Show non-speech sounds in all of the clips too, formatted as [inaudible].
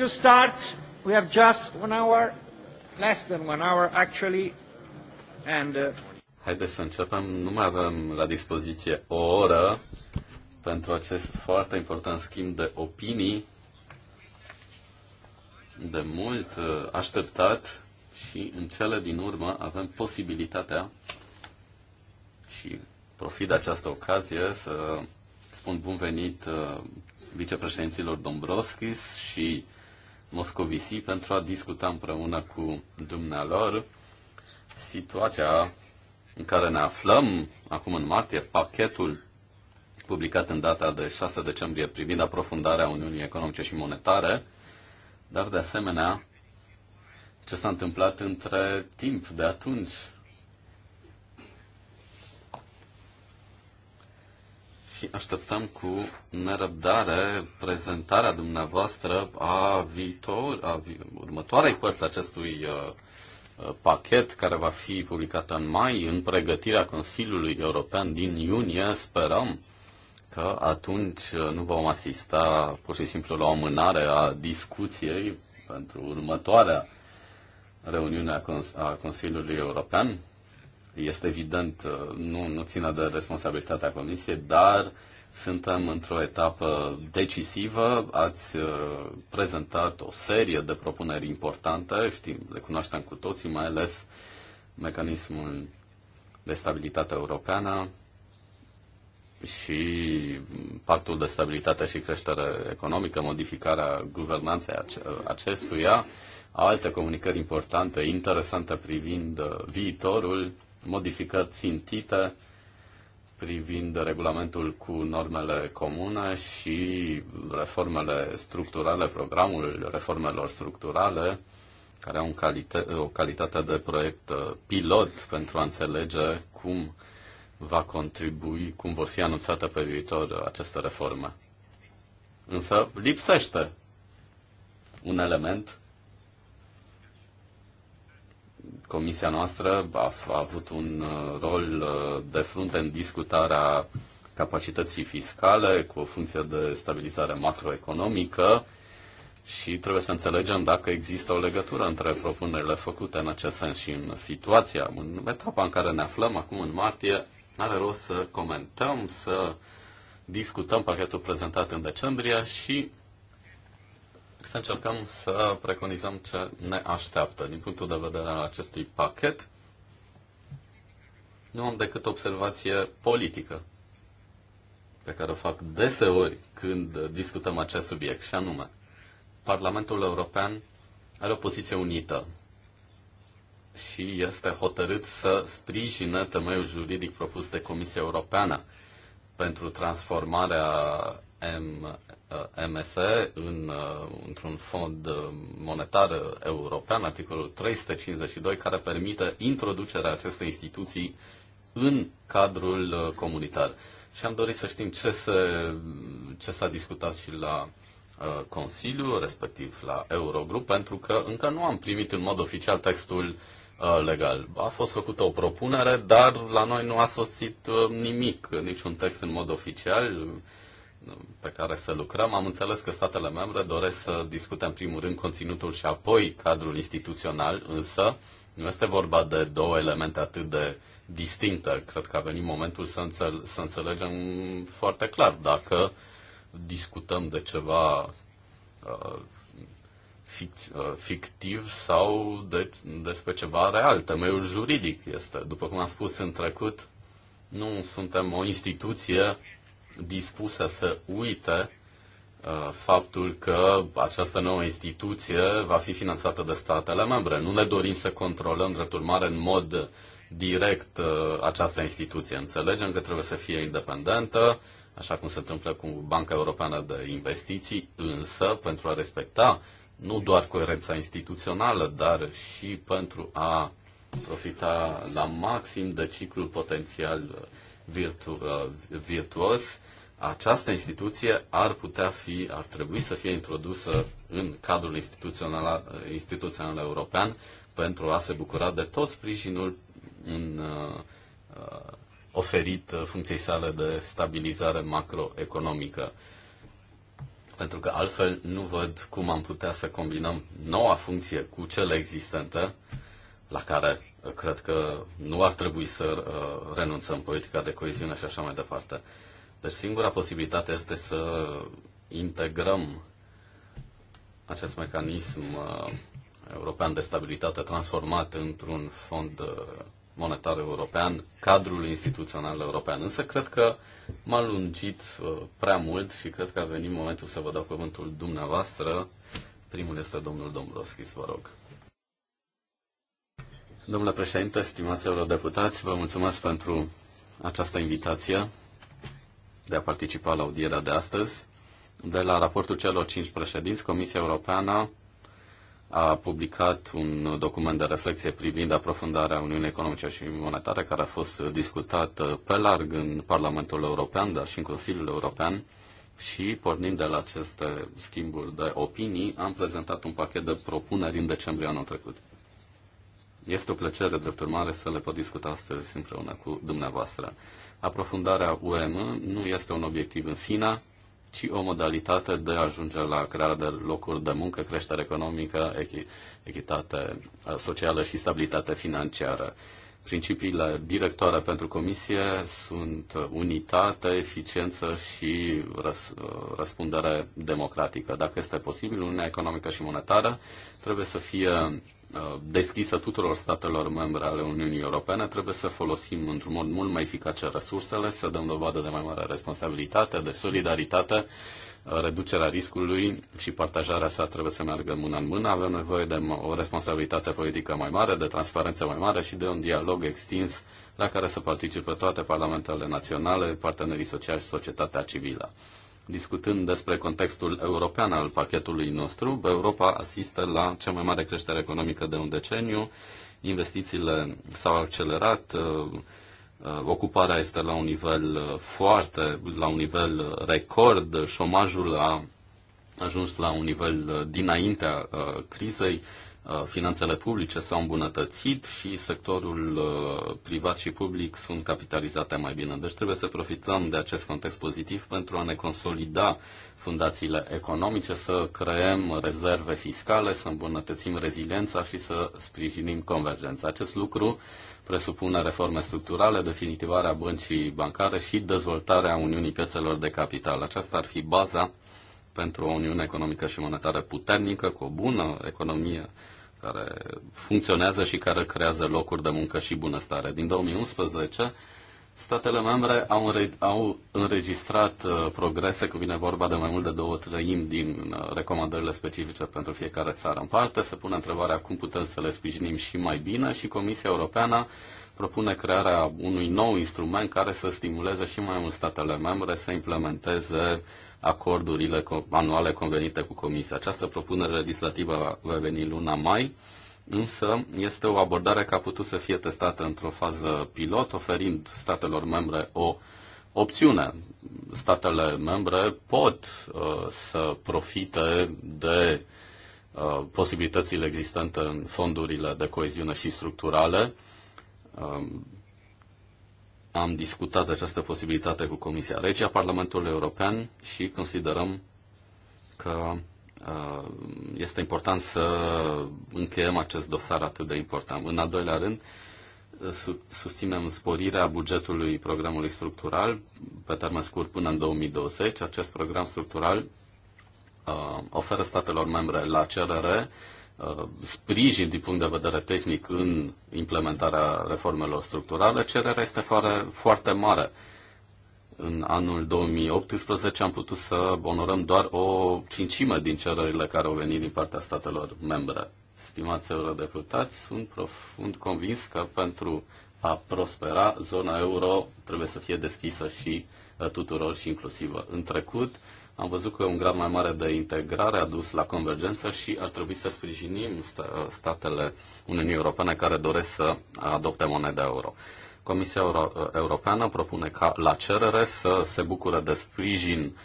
to start. We have just one hour, less than one hour actually, and. Uh... Haideți să începem. Nu mai avem la dispoziție o oră pentru acest foarte important schimb de opinii, de mult uh, așteptat și în cele din urmă avem posibilitatea și profit de această ocazie să spun bun venit uh, vicepreședinților Dombrovskis și Moscovici pentru a discuta împreună cu dumnealor situația în care ne aflăm acum în martie, pachetul publicat în data de 6 decembrie privind aprofundarea Uniunii Economice și Monetare, dar de asemenea ce s-a întâmplat între timp de atunci și așteptăm cu nerăbdare prezentarea dumneavoastră a, viitor, a vi, următoarei părți acestui uh, uh, pachet care va fi publicat în mai în pregătirea Consiliului European din iunie. Sperăm că atunci uh, nu vom asista pur și simplu la o amânare a discuției pentru următoarea reuniune a, Cons- a Consiliului European, este evident, uh, nu, nu ține de responsabilitatea Comisiei, dar suntem într-o etapă decisivă. Ați uh, prezentat o serie de propuneri importante, știm, le cunoaștem cu toții, mai ales mecanismul de stabilitate europeană și pactul de stabilitate și creștere economică, modificarea guvernanței acestuia, alte comunicări importante, interesante privind uh, viitorul modificări țintite privind regulamentul cu normele comune și reformele structurale, programul reformelor structurale, care au o calitate de proiect uh, pilot pentru a înțelege cum va contribui, cum vor fi anunțate pe viitor aceste reforme. Însă lipsește un element Comisia noastră a, a avut un uh, rol uh, de frunte în discutarea capacității fiscale cu o funcție de stabilizare macroeconomică și trebuie să înțelegem dacă există o legătură între propunerile făcute în acest sens și în situația, în etapa în care ne aflăm acum în martie, are rost să comentăm, să discutăm pachetul prezentat în decembrie și să încercăm să preconizăm ce ne așteaptă din punctul de vedere al acestui pachet. Nu am decât observație politică pe care o fac deseori când discutăm acest subiect, și anume, Parlamentul European are o poziție unită și este hotărât să sprijine temeiul juridic propus de Comisia Europeană pentru transformarea M Uh, MSE în, uh, într-un fond uh, monetar european, articolul 352, care permite introducerea acestei instituții în cadrul comunitar. Și am dorit să știm ce, se, ce s-a discutat și la uh, Consiliu, respectiv la Eurogrup, pentru că încă nu am primit în mod oficial textul uh, legal. A fost făcută o propunere, dar la noi nu a sosit uh, nimic, niciun text în mod oficial. Uh, pe care să lucrăm. Am înțeles că statele membre doresc să discute în primul rând conținutul și apoi cadrul instituțional, însă nu este vorba de două elemente atât de distincte. Cred că a venit momentul să, înțel- să înțelegem foarte clar dacă discutăm de ceva uh, fic- uh, fictiv sau de- despre ceva real. Temeiul juridic este, după cum am spus în trecut, nu suntem o instituție dispusă să uite uh, faptul că această nouă instituție va fi finanțată de statele membre. Nu ne dorim să controlăm, drept urmare, în mod direct uh, această instituție. Înțelegem că trebuie să fie independentă, așa cum se întâmplă cu Banca Europeană de Investiții, însă pentru a respecta nu doar coerența instituțională, dar și pentru a profita la maxim de ciclul potențial uh, virtu- virtuos, această instituție ar putea fi, ar trebui să fie introdusă în cadrul instituțional, instituțional european pentru a se bucura de tot sprijinul în, uh, uh oferit funcției sale de stabilizare macroeconomică. Pentru că altfel nu văd cum am putea să combinăm noua funcție cu cele existente, la care uh, cred că nu ar trebui să uh, renunțăm politica de coeziune și așa mai departe. Uh, deci singura posibilitate este să integrăm acest mecanism uh, european de stabilitate transformat într-un fond uh, monetar european, cadrul instituțional european. Însă cred că m-a lungit uh, prea mult și cred că a venit momentul să vă dau cuvântul dumneavoastră. Primul este domnul Dombrovskis, vă rog. Domnule președinte, stimați eurodeputați, vă mulțumesc pentru această invitație de a participa la audierea de astăzi. De la raportul celor cinci președinți, Comisia Europeană a publicat un document de reflexie privind aprofundarea Uniunii Economice și Monetare, care a fost discutat uh, pe larg în Parlamentul European, dar și în Consiliul European. Și, pornind de la aceste schimburi de opinii, am prezentat un pachet de propuneri în decembrie anul trecut. Este o plăcere, drept urmare, să le pot discuta astăzi împreună cu dumneavoastră. Aprofundarea UEM nu este un obiectiv în sine, ci o modalitate de a ajunge la crearea de locuri de muncă, creștere economică, echitate socială și stabilitate financiară. Principiile directoare pentru comisie sunt unitate, eficiență și răs, răspundere democratică. Dacă este posibil, Uniunea Economică și Monetară trebuie să fie Uh, deschisă tuturor statelor membre ale Uniunii Europene, trebuie să folosim într-un mod mult mai eficace resursele, să dăm dovadă de mai mare responsabilitate, de solidaritate, uh, reducerea riscului și partajarea sa trebuie să meargă mână în mână. Avem nevoie de o responsabilitate politică mai mare, de transparență mai mare și de un dialog extins la care să participe toate parlamentele naționale, partenerii sociali și societatea civilă discutând despre contextul european al pachetului nostru, Europa asistă la cea mai mare creștere economică de un deceniu, investițiile s-au accelerat, uh, uh, ocuparea este la un nivel uh, foarte, la un nivel record, șomajul a ajuns la un nivel dinaintea crizei, Uh, finanțele publice s-au îmbunătățit și sectorul uh, privat și public sunt capitalizate mai bine. Deci trebuie să profităm de acest context pozitiv pentru a ne consolida fundațiile economice, să creăm rezerve fiscale, să îmbunătățim reziliența și să sprijinim convergența. Acest lucru presupune reforme structurale, definitivarea băncii bancare și dezvoltarea Uniunii Piețelor de Capital. Aceasta ar fi baza pentru o Uniune Economică și Monetară puternică, cu o bună economie care funcționează și care creează locuri de muncă și bunăstare. Din 2011, statele membre au, au înregistrat uh, progrese, cu vine vorba de mai mult de două treimi din uh, recomandările specifice pentru fiecare țară în parte. Se pune întrebarea cum putem să le sprijinim și mai bine și Comisia Europeană propune crearea unui nou instrument care să stimuleze și mai mult statele membre să implementeze acordurile anuale convenite cu Comisia. Această propunere legislativă va veni luna mai, însă este o abordare care a putut să fie testată într-o fază pilot, oferind statelor membre o opțiune. Statele membre pot uh, să profite de uh, posibilitățile existente în fondurile de coeziune și structurale, um, am discutat această posibilitate cu Comisia Regia Parlamentului European și considerăm că uh, este important să încheiem acest dosar atât de important. În al doilea rând, uh, susținem sporirea bugetului programului structural pe termen scurt până în 2020. Acest program structural uh, oferă statelor membre la cerere Uh, sprijin din punct de vedere tehnic în implementarea reformelor structurale, cererea este foarte, foarte mare. În anul 2018 am putut să onorăm doar o cincime din cererile care au venit din partea statelor membre. Stimați eurodeputați, sunt profund convins că pentru a prospera, zona euro trebuie să fie deschisă și uh, tuturor și inclusivă. În trecut, am văzut că un grad mai mare de integrare a dus la convergență și ar trebui să sprijinim statele Uniunii Europene care doresc să adopte moneda euro. Comisia Euro- Europeană propune ca la cerere să se bucure de sprijin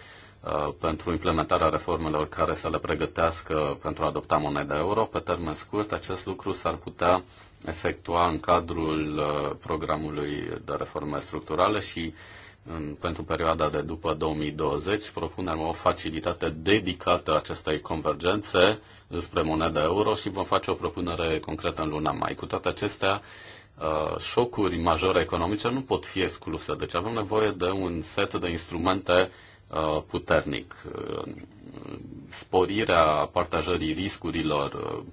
uh, pentru implementarea reformelor care să le pregătească pentru a adopta moneda euro. Pe termen scurt, acest lucru s-ar putea efectua în cadrul uh, programului de reforme structurale și uh, în, pentru perioada de după 2020. Propunem o facilitate dedicată acestei convergențe spre moneda euro și vom face o propunere concretă în luna mai. Cu toate acestea, uh, șocuri majore economice nu pot fi excluse, deci avem nevoie de un set de instrumente uh, puternic. Uh, sporirea partajării riscurilor,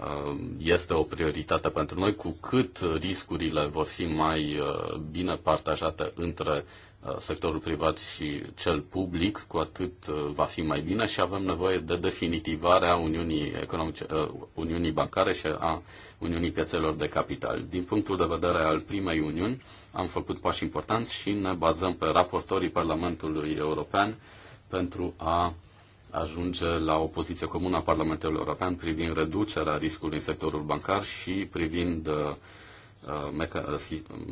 Uh, este o prioritate pentru noi, cu cât riscurile vor fi mai uh, bine partajate între uh, sectorul privat și cel public, cu atât va fi mai bine și avem nevoie de definitivarea Uniunii, economice, Uniunii Bancare și a Uniunii Piețelor de Capital. Din punctul de vedere al primei Uniuni, am făcut pași importanți și ne bazăm pe raportorii Parlamentului European pentru a ajunge la o poziție comună a Parlamentului European privind reducerea riscului în sectorul bancar și privind uh,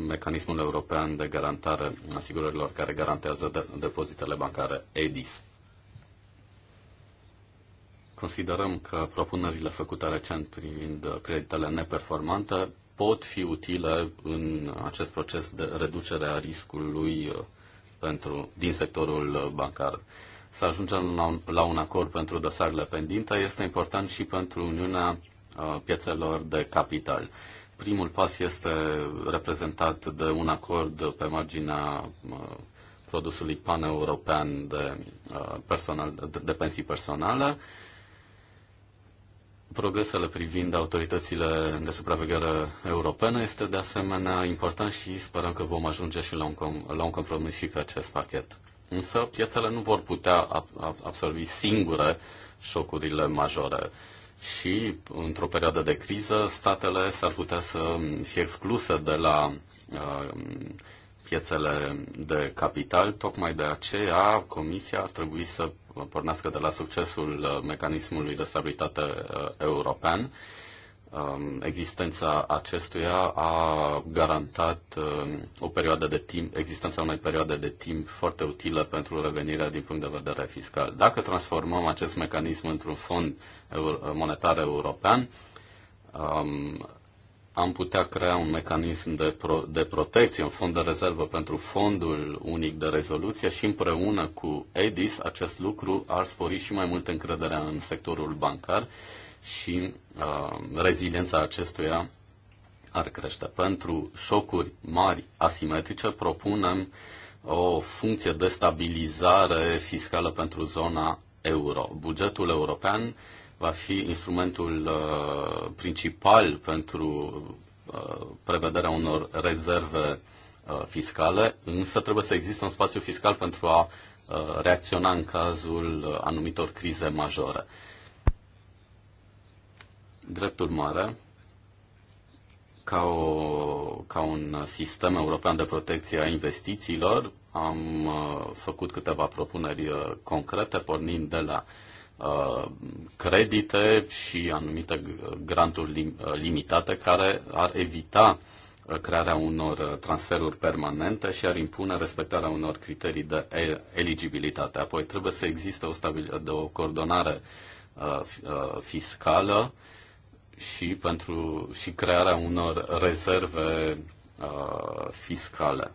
mecanismul european de garantare asigurărilor care garantează depozitele bancare EDIS. Considerăm că propunerile făcute recent privind creditele neperformante pot fi utile în acest proces de reducere a riscului uh, pentru, din sectorul uh, bancar să ajungem la un acord pentru dosarele pendinte este important și pentru Uniunea uh, piețelor de capital. Primul pas este reprezentat de un acord pe marginea uh, produsului paneuropean de, uh, personal, de pensii personale. Progresele privind autoritățile de supraveghere europene este de asemenea important și sperăm că vom ajunge și la un, com- la un compromis și pe acest pachet. Însă piețele nu vor putea absorbi singure șocurile majore și într-o perioadă de criză statele s-ar putea să fie excluse de la uh, piețele de capital. Tocmai de aceea Comisia ar trebui să pornească de la succesul uh, mecanismului de stabilitate uh, european Um, existența acestuia a garantat um, o perioadă de timp, existența unei perioade de timp foarte utilă pentru revenirea din punct de vedere fiscal. Dacă transformăm acest mecanism într-un fond monetar european, um, am putea crea un mecanism de, pro, de protecție, un fond de rezervă pentru fondul unic de rezoluție și împreună cu EDIS acest lucru ar spori și mai mult încrederea în sectorul bancar și uh, reziliența acestuia ar crește. Pentru șocuri mari asimetrice propunem o funcție de stabilizare fiscală pentru zona euro. Bugetul european va fi instrumentul uh, principal pentru uh, prevederea unor rezerve uh, fiscale, însă trebuie să existe un spațiu fiscal pentru a uh, reacționa în cazul uh, anumitor crize majore. Drept urmare, ca, o, ca un sistem european de protecție a investițiilor, am uh, făcut câteva propuneri uh, concrete, pornind de la uh, credite și anumite granturi limitate care ar evita crearea unor transferuri permanente și ar impune respectarea unor criterii de eligibilitate. Apoi trebuie să existe o, stabil- de o coordonare fiscală și pentru și crearea unor rezerve uh, fiscale.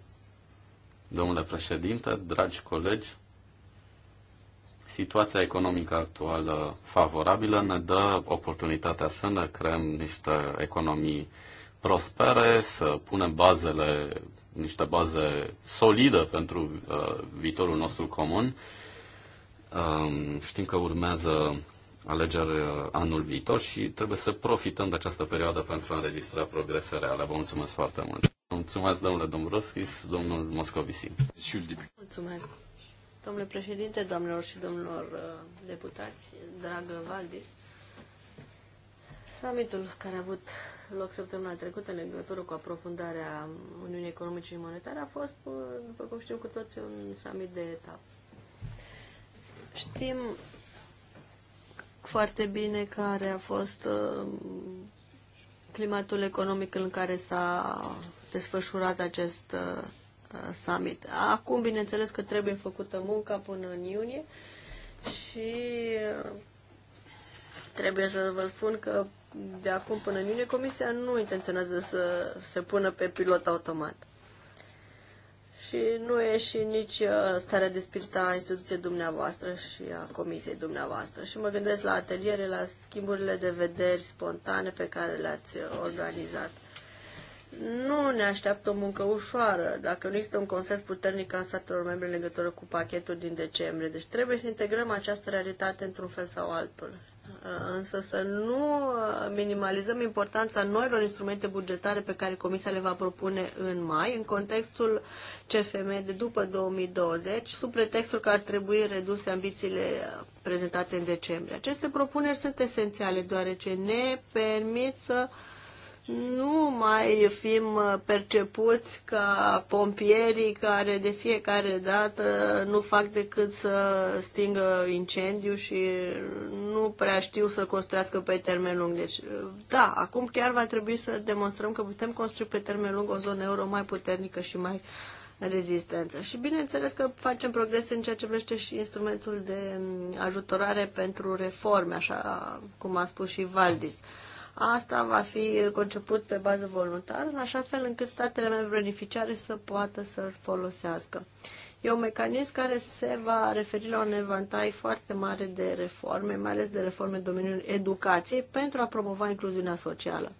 Domnule președinte, dragi colegi, situația economică actuală favorabilă ne dă oportunitatea să ne creăm niște economii prospere, să punem bazele, niște baze solide pentru uh, viitorul nostru comun. Uh, știm că urmează alegeri uh, anul viitor și trebuie să profităm de această perioadă pentru a înregistra progrese reale. Vă mulțumesc foarte mult. Mulțumesc, domnule Dombrovskis, domnul Moscovici. Mulțumesc. Domnule președinte, doamnelor și domnilor uh, deputați, dragă Valdis, summitul care a avut loc săptămâna trecută în legătură cu aprofundarea Uniunii Economice și Monetare a fost, uh, după cum știm cu toți, un summit de etapă. Știm foarte bine care a fost uh, climatul economic în care s-a desfășurat acest uh, summit. Acum, bineînțeles că trebuie făcută munca până în iunie și uh, trebuie să vă spun că de acum până în iunie Comisia nu intenționează să se pună pe pilot automat și nu e și nici uh, starea de spirit a instituției dumneavoastră și a comisiei dumneavoastră. Și mă gândesc la ateliere, la schimburile de vederi spontane pe care le-ați uh, organizat. Nu ne așteaptă o muncă ușoară dacă nu există un consens puternic al statelor membre în legătură cu pachetul din decembrie. Deci trebuie să integrăm această realitate într-un fel sau altul. Uh, însă să nu uh, minimalizăm importanța noilor instrumente bugetare pe care Comisia le va propune în mai, în contextul CFM de după 2020, sub pretextul că ar trebui reduse ambițiile uh, prezentate în decembrie. Aceste propuneri sunt esențiale, deoarece ne permit să uh, nu mai fim uh, percepuți ca pompierii care de fiecare dată nu fac decât să stingă incendiu și nu prea știu să construiască pe termen lung. Deci, uh, da, acum chiar va trebui să demonstrăm că putem construi pe termen lung o zonă euro mai puternică și mai rezistență. Și bineînțeles că facem progrese în ceea ce vrește și instrumentul de mm, ajutorare pentru reforme, așa cum a spus și Valdis. Asta va fi conceput pe bază voluntară, în așa fel încât statele membre beneficiare să poată să-l folosească. E un mecanism care se va referi la un evantai foarte mare de reforme, mai ales de reforme în domeniul educației, pentru a promova incluziunea socială.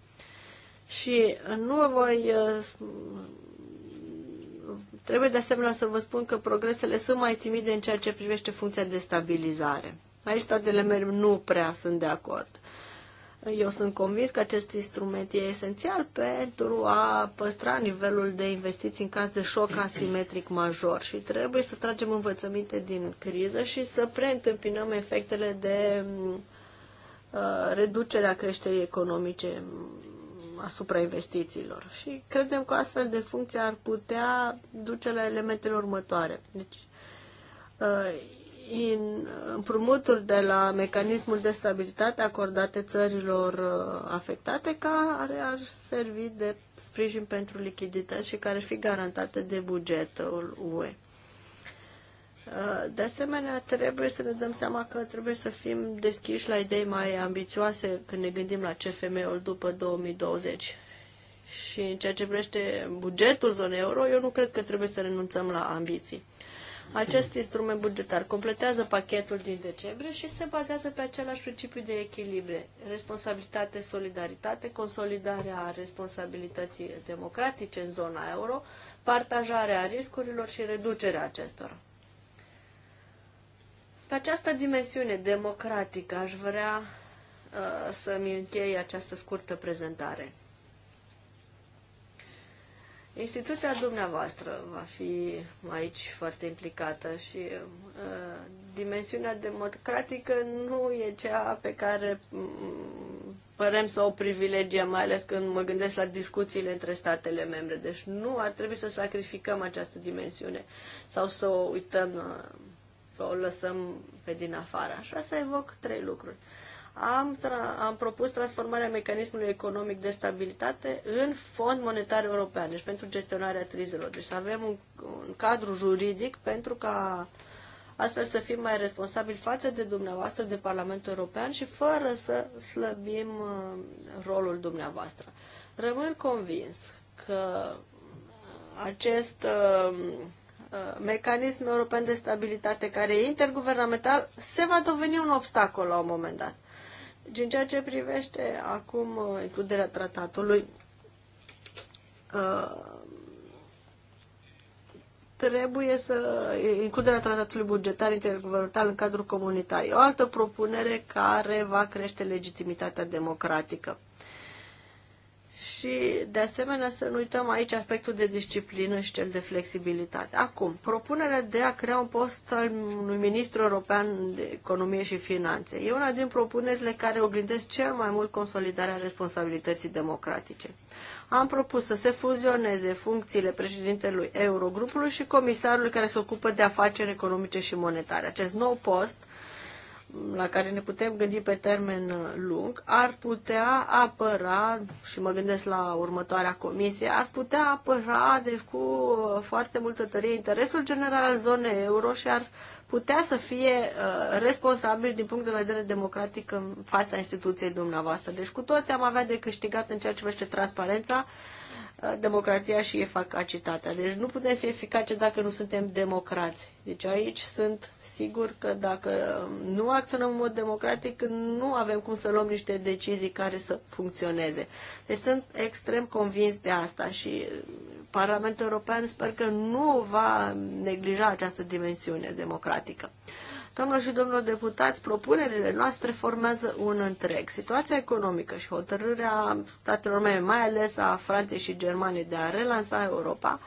Și nu voi. Uh, trebuie de asemenea să vă spun că progresele sunt mai timide în ceea ce privește funcția de stabilizare. Aici statele mele nu prea sunt de acord. Eu sunt convins că acest instrument e esențial pentru a păstra nivelul de investiții în caz de șoc asimetric major și trebuie să tragem învățăminte din criză și să preîntâmpinăm efectele de uh, reducerea creșterii economice asupra investițiilor. Și credem că astfel de funcție ar putea duce la elementele următoare. Deci, uh, in, împrumuturi de la mecanismul de stabilitate acordate țărilor uh, afectate care ar servi de sprijin pentru lichidități și care ar fi garantate de bugetul UE. Uh, de asemenea, trebuie să ne dăm seama că trebuie să fim deschiși la idei mai ambițioase când ne gândim la CFM-ul după 2020. Și în ceea ce privește bugetul zonei euro, eu nu cred că trebuie să renunțăm la ambiții. Acest instrument bugetar completează pachetul din decembrie și se bazează pe același principiu de echilibre. Responsabilitate, solidaritate, consolidarea responsabilității democratice în zona euro, partajarea riscurilor și reducerea acestora. Pe această dimensiune democratică aș vrea uh, să-mi închei această scurtă prezentare. Instituția dumneavoastră va fi aici foarte implicată și uh, dimensiunea democratică nu e cea pe care mm, părem să o privilegiem, mai ales când mă gândesc la discuțiile între statele membre. Deci nu ar trebui să sacrificăm această dimensiune sau să o uităm, uh, să o lăsăm pe din afară. Așa să evoc trei lucruri. Uh, am, tra- am propus transformarea mecanismului economic de stabilitate în fond monetar european, deci pentru gestionarea crizelor. Deci să avem un, un cadru juridic pentru ca astfel să fim mai responsabili față de dumneavoastră, de Parlamentul European și fără să slăbim uh, rolul dumneavoastră. Rămân convins că acest uh, uh mecanism european de stabilitate care e interguvernamental se va deveni un obstacol la un moment dat. Și în ceea ce privește acum uh, includerea tratatului, uh, trebuie să includerea tratatului bugetar interguvernamental în cadrul comunitar. E o altă propunere care va crește legitimitatea democratică. Și, de asemenea, să nu uităm aici aspectul de disciplină și cel de flexibilitate. Acum, propunerea de a crea un post al unui ministru european de economie și finanțe e una din propunerile care oglindesc cel mai mult consolidarea responsabilității democratice. Am propus să se fuzioneze funcțiile președintelui Eurogrupului și comisarului care se ocupă de afaceri economice și monetare. Acest nou post la care ne putem gândi pe termen uh, lung ar putea apăra, și mă gândesc la următoarea comisie, ar putea apăra deci, cu uh, foarte multă tărie interesul general al zonei euro și ar putea să fie uh, responsabil din punct de vedere democratic în fața instituției dumneavoastră. Deci cu toți am avea de câștigat în ceea ce vește transparența, uh, Uh, democrația și eficacitatea. Deci nu putem fi eficace dacă nu suntem democrați. Deci aici sunt sigur că dacă nu acționăm în mod democratic, nu avem cum să luăm niște decizii care să funcționeze. Deci sunt extrem convins de asta și Parlamentul European sper că nu va neglija această dimensiune democratică. Domnul și domnul deputați, propunerile noastre formează un întreg. Situația economică și hotărârea statelor mele, mai ales a Franței și Germaniei, de a relansa Europa,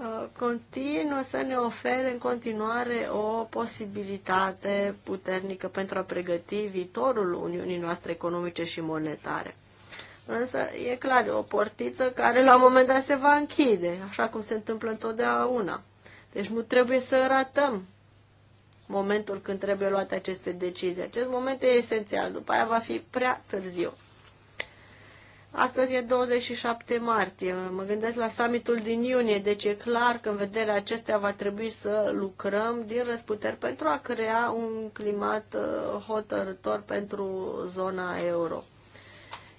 uh, continuă să ne ofere în continuare o posibilitate puternică pentru a pregăti viitorul Uniunii noastre economice și monetare. Însă e clar, e o portiță care la un moment dat se va închide, așa cum se întâmplă întotdeauna. Deci nu trebuie să ratăm momentul când trebuie luate aceste decizii. Acest moment e esențial, după aia va fi prea târziu. Astăzi e 27 martie, mă gândesc la summitul din iunie, deci e clar că în vederea acestea va trebui să lucrăm din răsputeri pentru a crea un climat uh, hotărător pentru zona euro.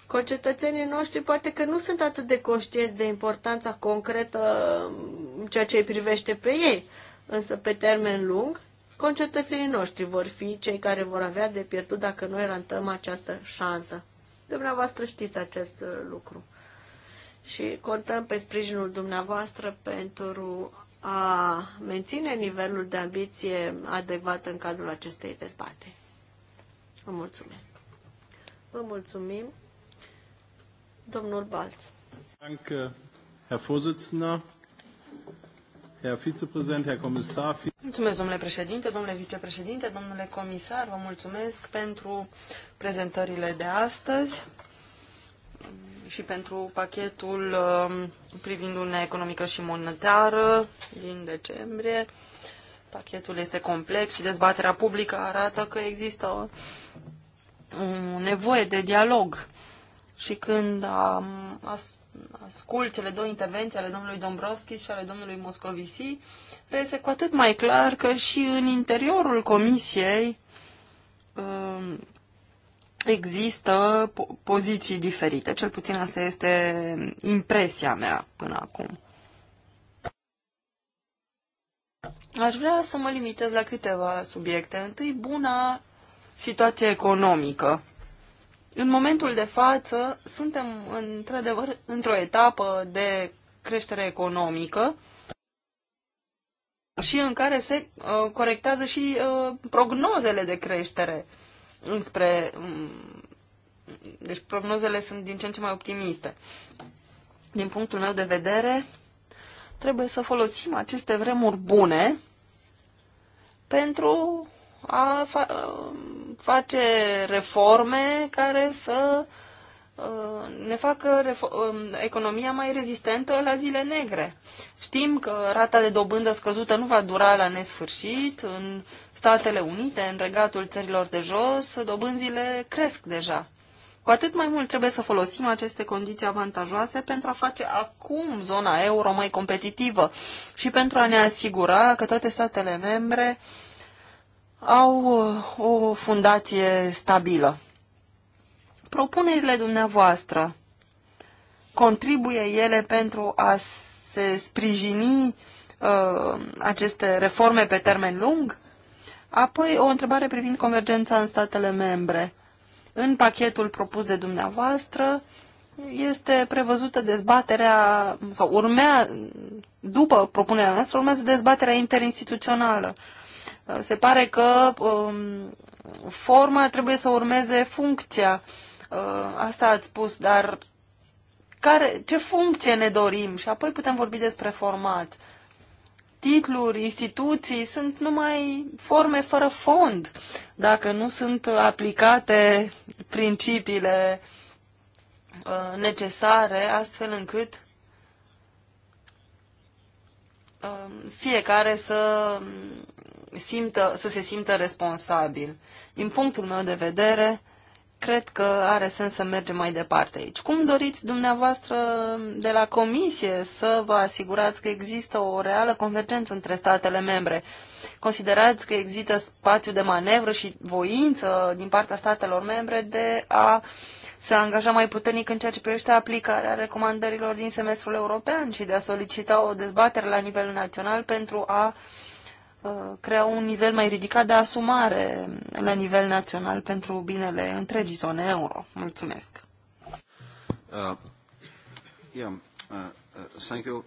Concetățenii noștri poate că nu sunt atât de conștienți de importanța concretă uh, în ceea ce îi privește pe ei, însă pe termen lung concetățenii noștri vor fi cei care vor avea de pierdut dacă noi rantăm această șansă. Dumneavoastră știți acest uh, lucru. Și contăm pe sprijinul dumneavoastră pentru a menține nivelul de ambiție adecvat în cadrul acestei dezbateri. Vă mulțumesc. Vă mulțumim. Domnul Balț. Danke, Herr Vorsitzender. Mulțumesc, domnule președinte, domnule vicepreședinte, domnule comisar, vă mulțumesc pentru prezentările de astăzi și pentru pachetul um, privind Uniunea Economică și Monetară din decembrie. Pachetul este complex și dezbaterea publică arată că există o nevoie de dialog. Și când am, ascult cele două intervenții ale domnului Dombrovski și ale domnului Moscovici, reiese cu atât mai clar că și în interiorul comisiei um, există poziții diferite. Cel puțin asta este impresia mea până acum. Aș vrea să mă limitez la câteva subiecte. Întâi, buna situație economică. În momentul de față, suntem într-adevăr într-o etapă de creștere economică și în care se uh, corectează și uh, prognozele de creștere înspre. Um, deci prognozele sunt din ce în ce mai optimiste. Din punctul meu de vedere, trebuie să folosim aceste vremuri bune pentru a fa- face reforme care să ne facă economia mai rezistentă la zile negre. Știm că rata de dobândă scăzută nu va dura la nesfârșit. În Statele Unite, în regatul țărilor de jos, dobânzile cresc deja. Cu atât mai mult trebuie să folosim aceste condiții avantajoase pentru a face acum zona euro mai competitivă și pentru a ne asigura că toate statele membre uh, au uh, o fundație stabilă. Propunerile dumneavoastră, contribuie ele pentru a se sprijini uh, aceste reforme pe termen lung? Apoi o întrebare privind convergența în statele membre. În pachetul propus de dumneavoastră este prevăzută dezbaterea, sau urmea, după propunerea noastră, urmează dezbaterea interinstituțională. Uh, se pare că um, forma trebuie să urmeze funcția. Uh, asta ați spus, dar care, ce funcție ne dorim? Și apoi putem vorbi despre format. Titluri, instituții sunt numai forme fără fond dacă nu sunt aplicate principiile uh, necesare astfel încât uh, fiecare să simtă, să se simtă responsabil. Din punctul meu de vedere, cred că are sens să mergem mai departe aici. Cum doriți dumneavoastră de la Comisie să vă asigurați că există o reală convergență între statele membre? Considerați că există spațiu de manevră și voință din partea statelor membre de a se angaja mai puternic în ceea ce privește aplicarea recomandărilor din semestrul european și de a solicita o dezbatere la nivel național pentru a uh, Uh, crea un nivel mai ridicat de asumare la nivel național pentru binele întregii zone euro. Mulțumesc. Uh, yeah. Uh, uh, thank you,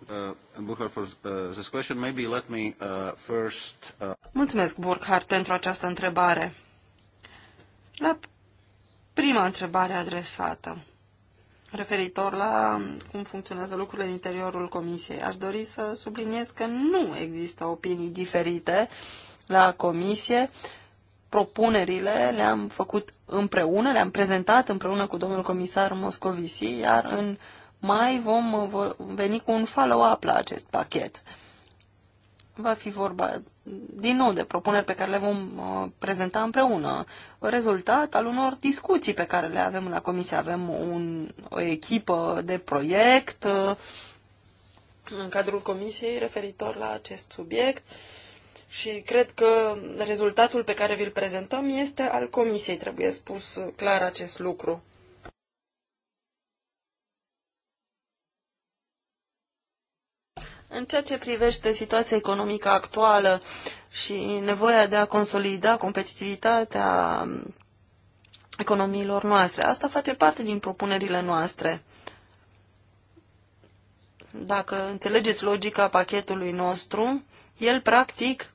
uh, Burkhard, for uh, this question. Maybe let me first... Mulțumesc, Burkhard, pentru această întrebare. La prima întrebare adresată referitor la cum funcționează lucrurile în interiorul comisiei. Aș dori să subliniez că nu există opinii diferite la comisie. Propunerile le-am făcut împreună, le-am prezentat împreună cu domnul comisar Moscovici, iar în mai vom veni cu un follow-up la acest pachet va fi vorba din nou de propuneri pe care le vom uh, prezenta împreună. Rezultat al unor discuții pe care le avem la comisie. Avem un, o echipă de proiect uh, în cadrul comisiei referitor la acest subiect și cred că rezultatul pe care vi-l prezentăm este al comisiei. Trebuie spus clar acest lucru. În ceea ce privește situația economică actuală și nevoia de a consolida competitivitatea um, economiilor noastre, asta face parte din propunerile noastre. Dacă înțelegeți logica pachetului nostru, el practic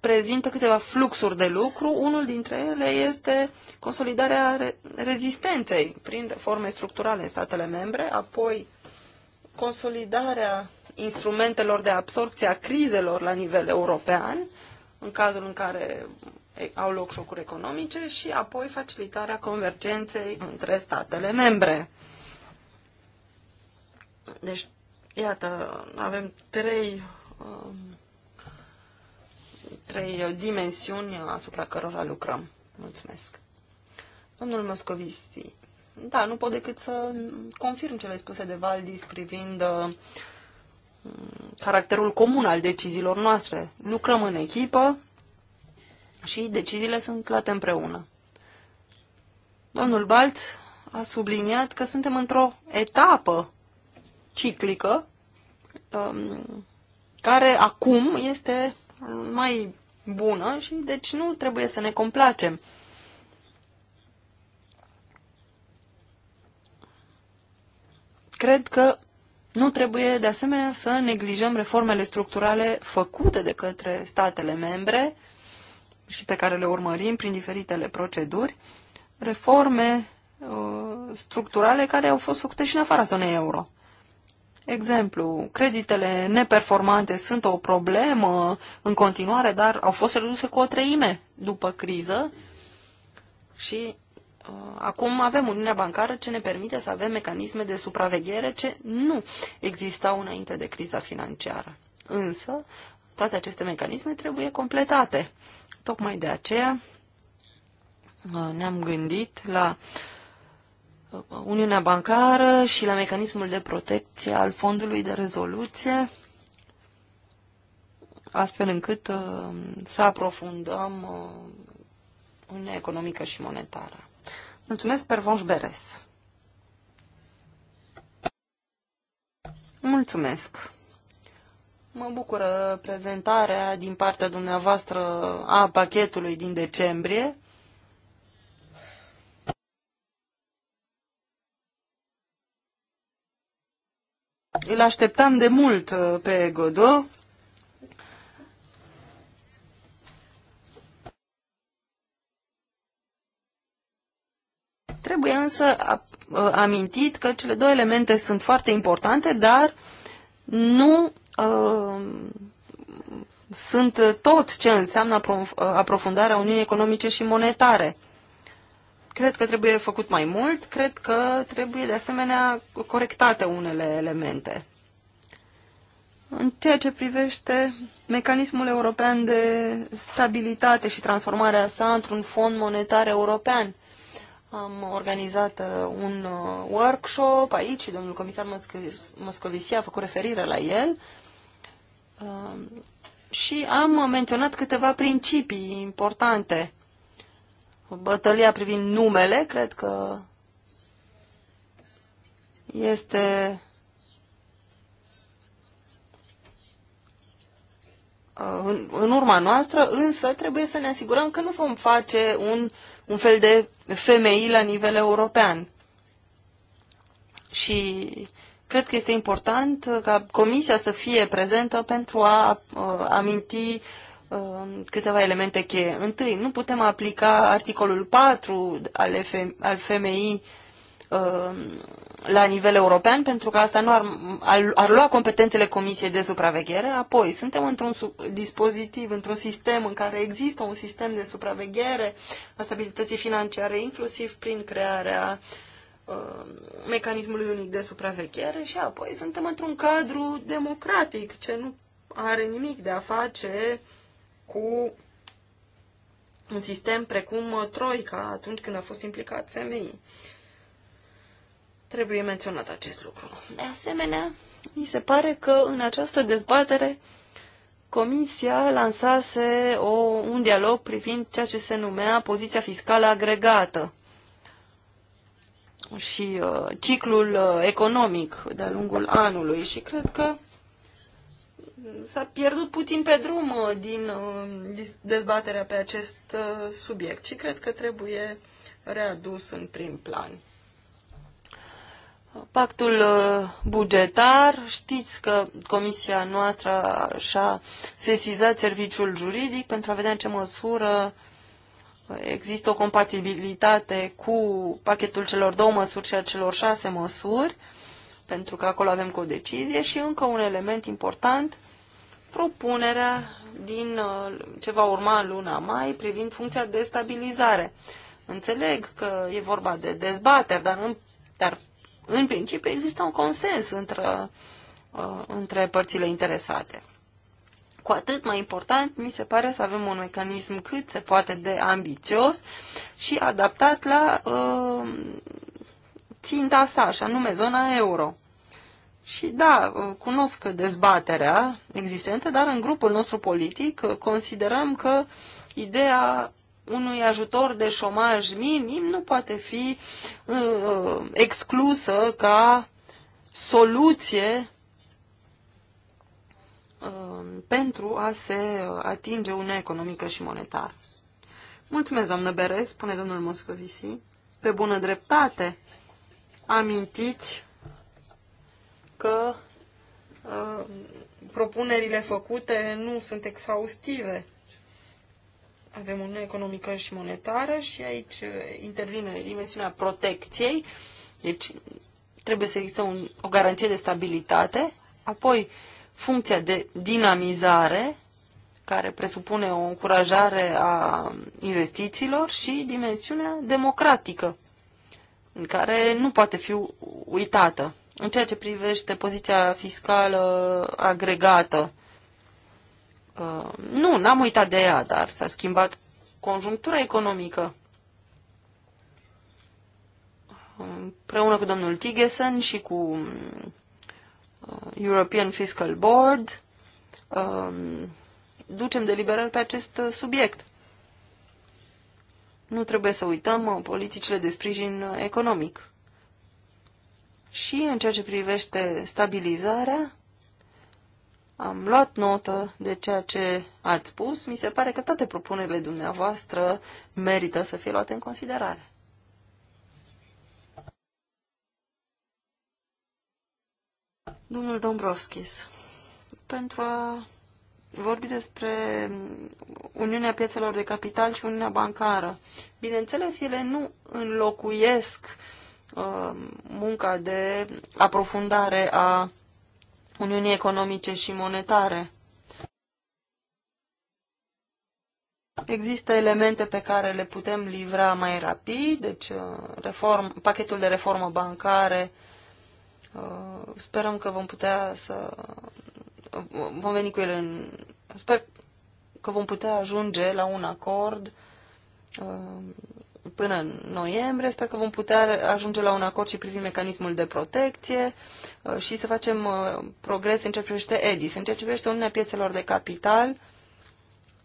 prezintă câteva fluxuri de lucru. Unul dintre ele este consolidarea re rezistenței prin reforme structurale în statele membre, apoi consolidarea instrumentelor de absorpție a crizelor la nivel european, în cazul în care au loc șocuri economice și apoi facilitarea convergenței între statele membre. Deci, iată, avem trei um, trei uh, dimensiuni asupra cărora lucrăm. Mulțumesc. Domnul Moscovici, da, nu pot decât să confirm cele spuse de Valdis privind uh, caracterul comun al deciziilor noastre. Lucrăm în echipă și deciziile sunt luate împreună. Domnul Balț a subliniat că suntem într-o etapă ciclică um, care acum este mai bună și deci nu trebuie să ne complacem. Cred că nu trebuie de asemenea să neglijăm reformele structurale făcute de către statele membre și pe care le urmărim prin diferitele proceduri, reforme uh, structurale care au fost făcute și în afara zonei euro. Exemplu, creditele neperformante sunt o problemă în continuare, dar au fost reduse cu o treime după criză și uh, acum avem Uniunea Bancară ce ne permite să avem mecanisme de supraveghere ce nu existau înainte de criza financiară. Însă, toate aceste mecanisme trebuie completate. Tocmai de aceea uh, ne-am gândit la uh, Uniunea Bancară și la mecanismul de protecție al Fondului de Rezoluție, astfel încât uh, să aprofundăm uh, Uniunea Economică și Monetară. Mulțumesc, Pervonș Beres. Mulțumesc. Mă bucură prezentarea din partea dumneavoastră a pachetului din decembrie Îl așteptam de mult uh, pe Godot. Trebuie însă uh, amintit că cele două elemente sunt foarte importante, dar nu uh, sunt tot ce înseamnă uh, aprofundarea Uniunii Economice și Monetare. Cred că trebuie făcut mai mult, cred că trebuie de asemenea corectate unele elemente. În ceea ce privește mecanismul european de stabilitate și transformarea sa într-un fond monetar european, am organizat uh, un uh, workshop aici, domnul comisar Moscovici a făcut referire la el uh, și am menționat câteva principii importante bătălia privind numele, cred că este uh, în, în urma noastră, însă trebuie să ne asigurăm că nu vom face un, un fel de femei la nivel european. Și cred că este important ca Comisia să fie prezentă pentru a, a uh, aminti uh, Um, câteva elemente cheie. Întâi, nu putem aplica articolul 4 al, FM, al FMI um, la nivel european, pentru că asta nu ar, ar, ar lua competențele Comisiei de Supraveghere. Apoi, suntem într-un dispozitiv, într-un sistem în care există un sistem de supraveghere a stabilității financiare, inclusiv prin crearea uh, mecanismului unic de supraveghere și apoi suntem într-un cadru democratic ce nu are nimic de a face uh, cu un sistem precum Troica atunci când a fost implicat FMI. Trebuie menționat acest lucru. De asemenea, mi se pare că în această dezbatere Comisia lansase o, un dialog privind ceea ce se numea poziția fiscală agregată și uh, ciclul uh, economic de-a lungul anului și cred că s-a pierdut puțin pe drum uh, din uh, dezbaterea pe acest uh, subiect și cred că trebuie readus în prim plan. Pactul bugetar, știți că comisia noastră și-a sesizat serviciul juridic pentru a vedea în ce măsură există o compatibilitate cu pachetul celor două măsuri și a celor șase măsuri, pentru că acolo avem codecizie și încă un element important propunerea din uh, ce va urma în luna mai privind funcția de stabilizare. Înțeleg că e vorba de dezbateri, dar în, dar în principiu există un consens între, uh, între părțile interesate. Cu atât mai important mi se pare să avem un mecanism cât se poate de ambițios și adaptat la uh, ținta sa, și anume zona euro. Și da, cunosc dezbaterea existentă, dar în grupul nostru politic considerăm că ideea unui ajutor de șomaj minim nu poate fi uh, uh exclusă ca soluție uh, pentru a se atinge unea Economică și Monetară. Mulțumesc, doamnă Berez, spune domnul Moscovici. Pe bună dreptate, amintiți că uh, propunerile făcute nu sunt exhaustive. Avem Uniunea Economică și Monetară și aici uh, intervine dimensiunea protecției, deci trebuie să existe un, o garanție de stabilitate, apoi funcția de dinamizare, care presupune o încurajare a investițiilor și dimensiunea democratică, în care nu poate fi uitată. În ceea ce privește poziția fiscală agregată, uh, nu, n-am uitat de ea, dar s-a schimbat conjunctura economică. Împreună cu domnul Tigesen și cu uh, European Fiscal Board, uh, ducem deliberări pe acest subiect. Nu trebuie să uităm politicile de sprijin economic. Și în ceea ce privește stabilizarea, am luat notă de ceea ce ați spus. Mi se pare că toate propunerile dumneavoastră merită să fie luate în considerare. Domnul Dombrovskis, pentru a vorbi despre Uniunea Piețelor de Capital și Uniunea Bancară, bineînțeles, ele nu înlocuiesc uh, Uh, munca de aprofundare a Uniunii Economice și Monetare. Există elemente pe care le putem livra mai rapid, deci uh, reform, pachetul de reformă bancare, uh, sperăm că vom putea să vom veni cu el, în... Sper că vom putea ajunge la un acord până în noiembrie. Sper că vom putea ajunge la un acord și privind mecanismul de protecție uh, și să facem uh, progres în ce privește EDIS, în ceea ce privește Uniunea Piețelor de Capital.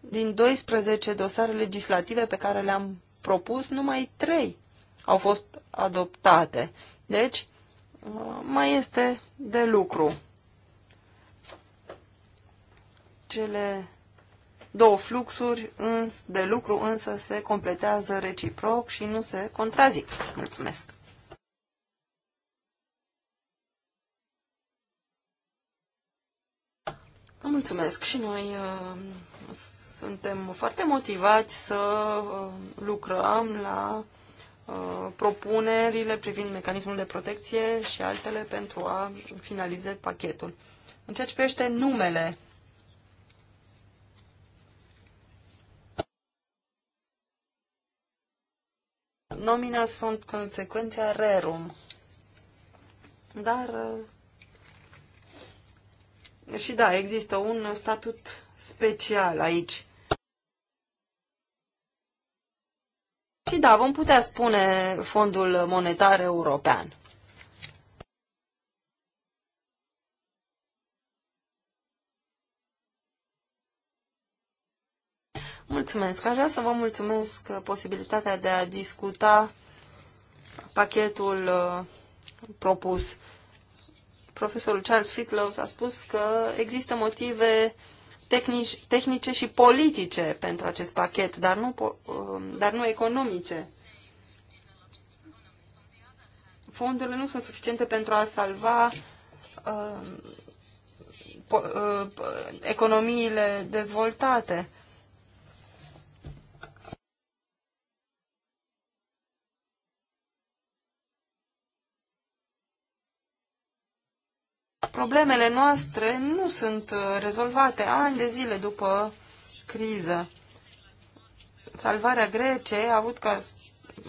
Din 12 dosare legislative pe care le-am propus, numai 3 au fost adoptate. Deci, uh, mai este de lucru. Cele Două fluxuri de lucru însă se completează reciproc și nu se contrazic. Mulțumesc! Mulțumesc și noi uh, suntem foarte motivați să uh, lucrăm la uh, propunerile privind mecanismul de protecție și altele pentru a finaliza pachetul. În ceea ce privește numele, Nomina sunt consecința rerum. Dar uh, și da, există un statut special aici. Și da, vom putea spune Fondul Monetar European. Mulțumesc. Aș vrea să vă mulțumesc uh, posibilitatea de a discuta pachetul uh, propus. Profesorul Charles Fitlow a spus că există motive tehnici, tehnice și politice pentru acest pachet, dar nu, uh, dar nu economice. Fondurile nu sunt suficiente pentru a salva uh, economiile dezvoltate. Problemele noastre nu sunt uh, rezolvate ani de zile după criză. Salvarea Greciei a avut ca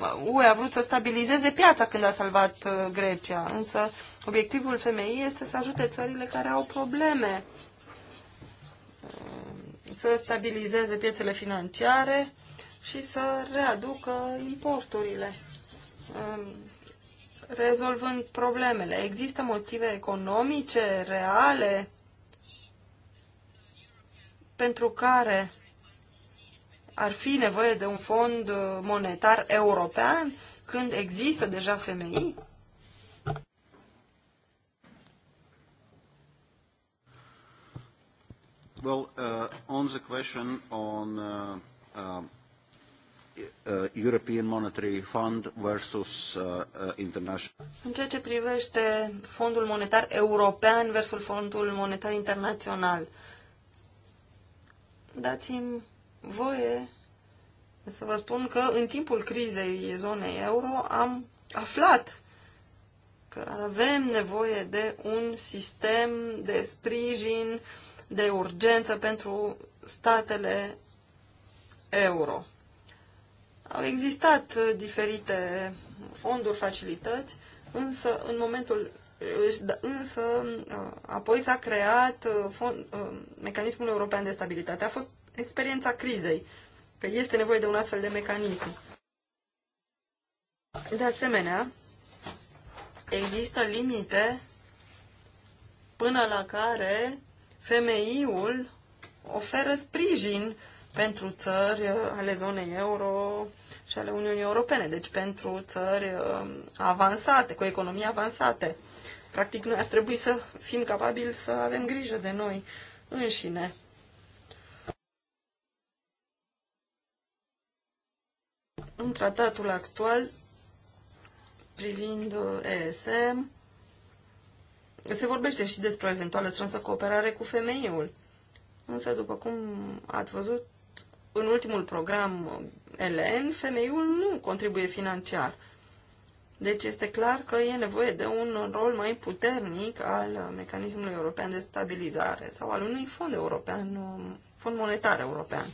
uh, UE a vrut să stabilizeze piața când a salvat uh, Grecia, însă obiectivul femeii este să ajute țările care au probleme să stabilizeze piețele financiare și să readucă importurile rezolvând problemele. Există motive economice reale pentru care ar fi nevoie de un fond monetar european când există deja FMI? Well, uh, on the question on uh, uh, uh, European Monetary Fund versus uh, uh, international. În ceea ce privește fondul monetar european versus fondul monetar internațional, dați-mi voie să vă spun că în timpul crizei zonei euro am aflat că avem nevoie de un sistem de sprijin, de urgență pentru statele euro. Au existat uh, diferite fonduri, facilități, însă în momentul uh, da, însă uh, apoi s-a creat fond, mecanismul european de stabilitate. A fost experiența crizei, că este nevoie de un astfel de mecanism. De asemenea, există limite până la care femeiul oferă sprijin pentru țări uh, ale zonei euro și ale Uniunii Europene, deci pentru țări uh, avansate, cu economii avansate. Practic, noi ar trebui să fim capabili să avem grijă de noi înșine. În tratatul actual privind uh, ESM, se vorbește și despre o eventuală strânsă cooperare cu femeiul. Însă, după cum ați văzut, în ultimul program ELEN, femeiul nu contribuie financiar. Deci este clar că e nevoie de un rol mai puternic al mecanismului european de stabilizare sau al unui fond european, um, fond monetar european.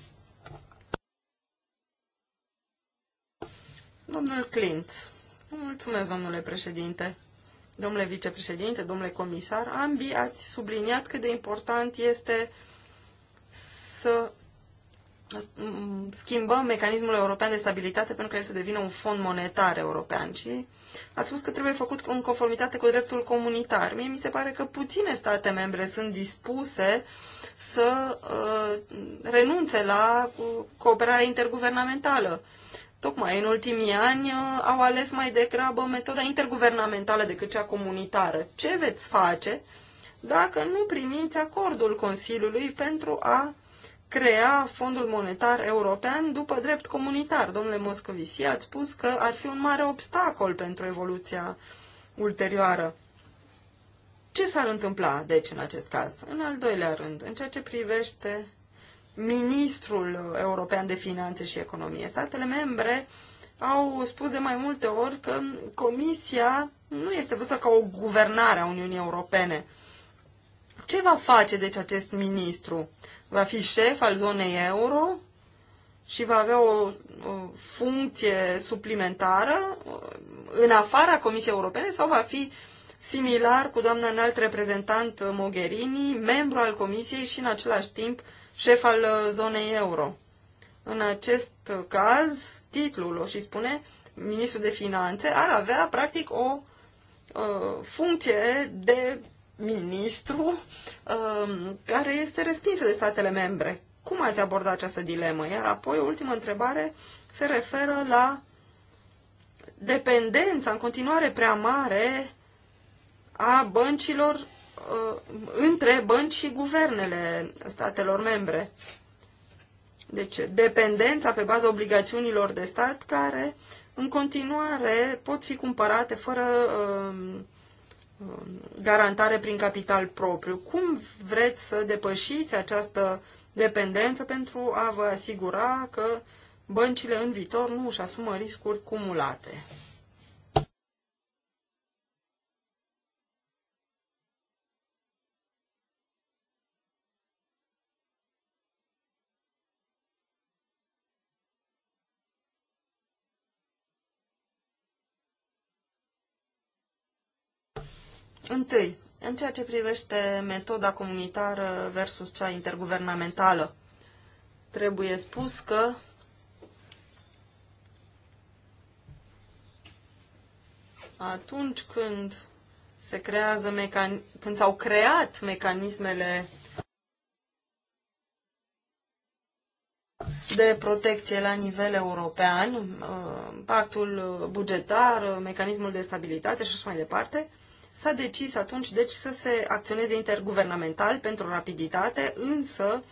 Domnul Clint. Mulțumesc, domnule președinte. Domnule vicepreședinte, domnule comisar, ambii ați subliniat cât de important este să schimbăm mecanismul european de stabilitate pentru că el să devină un fond monetar european, ci ați spus că trebuie făcut în conformitate cu dreptul comunitar. Mie mi se pare că puține state membre sunt dispuse să uh, renunțe la cooperarea interguvernamentală. Tocmai în ultimii ani uh, au ales mai degrabă metoda interguvernamentală decât cea comunitară. Ce veți face dacă nu primiți acordul Consiliului pentru a crea Fondul Monetar European după drept comunitar. Domnule Moscovici, ați spus că ar fi un mare obstacol pentru evoluția ulterioară. Ce s-ar întâmpla, deci, în acest caz? În al doilea rând, în ceea ce privește ministrul european de finanțe și economie, statele membre au spus de mai multe ori că Comisia nu este văzută ca o guvernare a Uniunii Europene. Ce va face, deci, acest ministru? va fi șef al zonei euro și va avea o, o funcție suplimentară uh, în afara Comisiei Europene sau va fi similar cu doamna înalt reprezentant uh, Mogherini, membru al Comisiei și în același timp șef al uh, zonei euro. În acest caz, titlul o și spune ministrul de finanțe ar avea practic o uh, funcție de ministru um, care este respinsă de statele membre. Cum ați abordat această dilemă? Iar apoi, o ultimă întrebare se referă la dependența în continuare prea mare a băncilor uh, între bănci și guvernele statelor membre. Deci, dependența pe baza obligațiunilor de stat care în continuare pot fi cumpărate fără uh, garantare prin capital propriu. Cum vreți să depășiți această dependență pentru a vă asigura că băncile în viitor nu își asumă riscuri cumulate? Întâi, în ceea ce privește metoda comunitară versus cea interguvernamentală, trebuie spus că atunci când se creează mecan... când s-au creat mecanismele de protecție la nivel european, uh, pactul bugetar, uh, mecanismul de stabilitate și așa mai departe, S-a decis atunci, deci, să se acționeze interguvernamental pentru rapiditate, însă,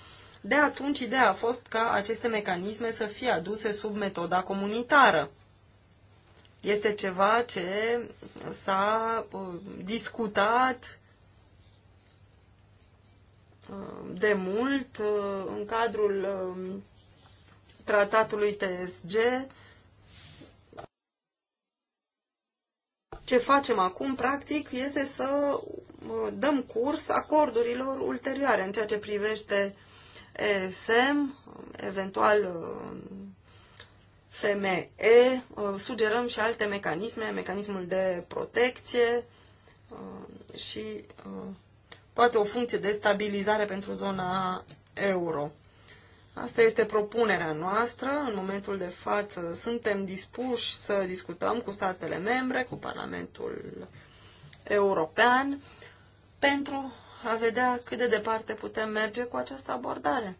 de atunci, ideea a fost ca aceste mecanisme să fie aduse sub metoda comunitară. Este ceva ce s-a uh, discutat uh, de mult uh, în cadrul um, tratatului TSG, ce facem acum, practic, este să dăm curs acordurilor ulterioare în ceea ce privește ESM, eventual uh, FME, uh, sugerăm și alte mecanisme, mecanismul de protecție uh, și poate o funcție de stabilizare pentru zona euro. Asta este propunerea noastră. În momentul de față suntem dispuși să discutăm cu statele membre, cu Parlamentul European, pentru a vedea cât de departe putem merge cu această abordare.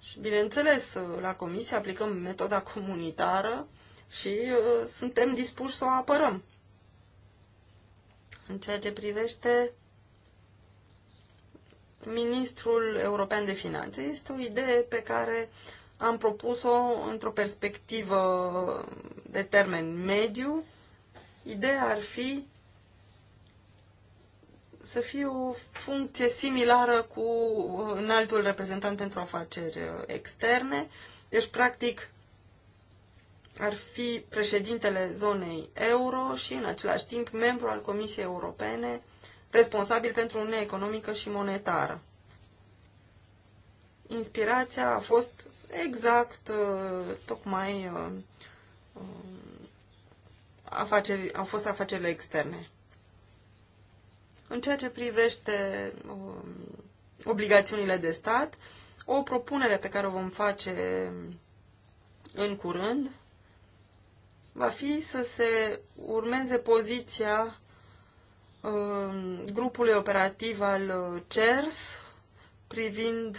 Și, bineînțeles, la Comisie aplicăm metoda comunitară și uh, suntem dispuși să o apărăm. În ceea ce privește ministrul european de finanțe. Este o idee pe care am propus-o într-o perspectivă de termen mediu. Ideea ar fi să fie o funcție similară cu înaltul reprezentant pentru afaceri externe. Deci, practic, ar fi președintele zonei euro și, în același timp, membru al Comisiei Europene responsabil pentru Uniunea Economică și Monetară. Inspirația a fost exact uh, tocmai uh, uh, afaceri, au fost afacerile externe. În ceea ce privește obligațiunile de stat, o propunere pe care o vom face în curând va fi să se urmeze poziția Um, grupului operativ al uh, CERS privind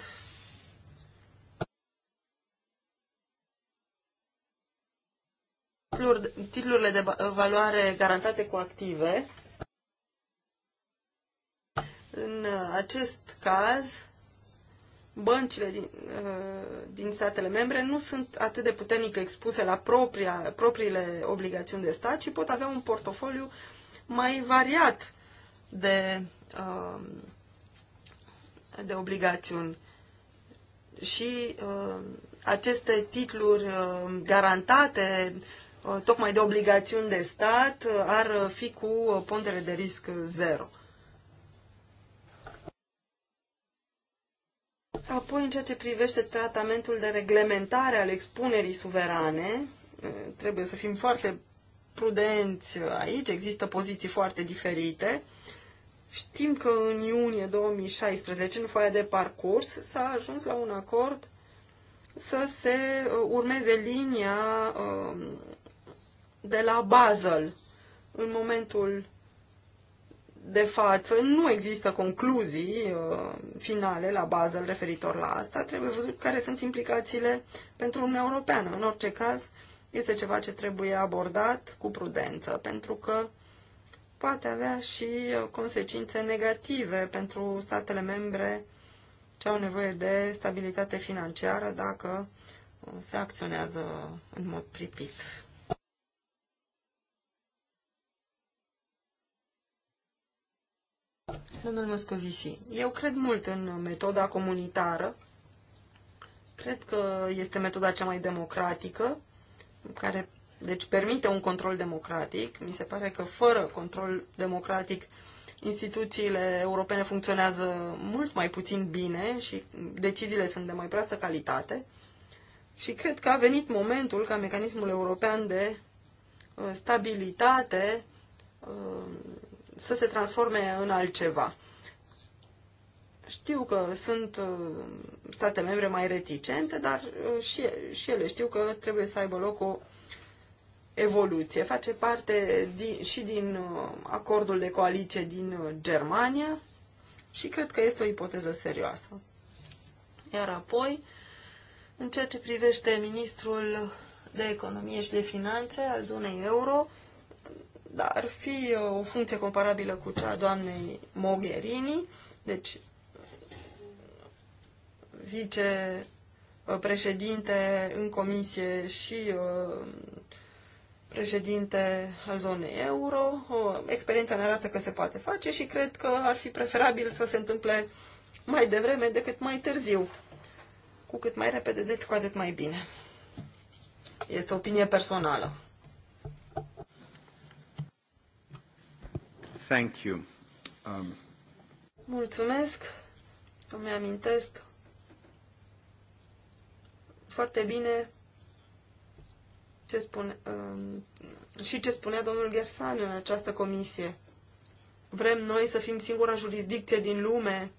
titlurile de valoare garantate cu active. În acest caz, băncile din, uh, din statele membre nu sunt atât de puternic expuse la propria, propriile obligațiuni de stat, ci pot avea un portofoliu uh, mai variat de, um, de obligațiuni. Și um, aceste titluri um, garantate uh, tocmai de obligațiuni de stat uh, ar fi cu uh, pondere de risc zero. Apoi, în ceea ce privește tratamentul de reglementare al expunerii suverane, trebuie să fim foarte prudenți aici, există poziții foarte diferite. Știm că în iunie 2016, în foaia de parcurs, s-a ajuns la un acord să se uh, urmeze linia um, de la Basel. În momentul de față nu există concluzii uh, finale la Basel referitor la asta. Trebuie văzut care sunt implicațiile pentru Uniunea Europeană. În orice caz, este ceva ce trebuie abordat cu prudență, pentru că poate avea și consecințe negative pentru statele membre ce au nevoie de stabilitate financiară dacă se acționează în mod pripit. Domnul Moscovici, eu cred mult în metoda comunitară. Cred că este metoda cea mai democratică care deci permite un control democratic. Mi se pare că fără control democratic instituțiile europene funcționează mult mai puțin bine și deciziile sunt de mai proastă calitate. Și cred că a venit momentul ca mecanismul european de uh, stabilitate uh, să se transforme în altceva. Știu că sunt uh, state membre mai reticente, dar uh, și, și ele știu că trebuie să aibă loc o evoluție. Face parte din, și din uh, acordul de coaliție din Germania și cred că este o ipoteză serioasă. Iar apoi, în ceea ce privește ministrul de economie și de finanțe al zonei euro, dar ar fi o funcție comparabilă cu cea a doamnei Mogherini, deci vicepreședinte în comisie și uh, președinte al zonei euro. Experiența ne arată că se poate face și cred că ar fi preferabil să se întâmple mai devreme decât mai târziu. Cu cât mai repede, deci cu atât mai bine. Este o opinie personală. Thank you. Um... Mulțumesc. Îmi amintesc foarte bine ce spune, um, și ce spunea domnul Gersan în această comisie. Vrem noi să fim singura jurisdicție din lume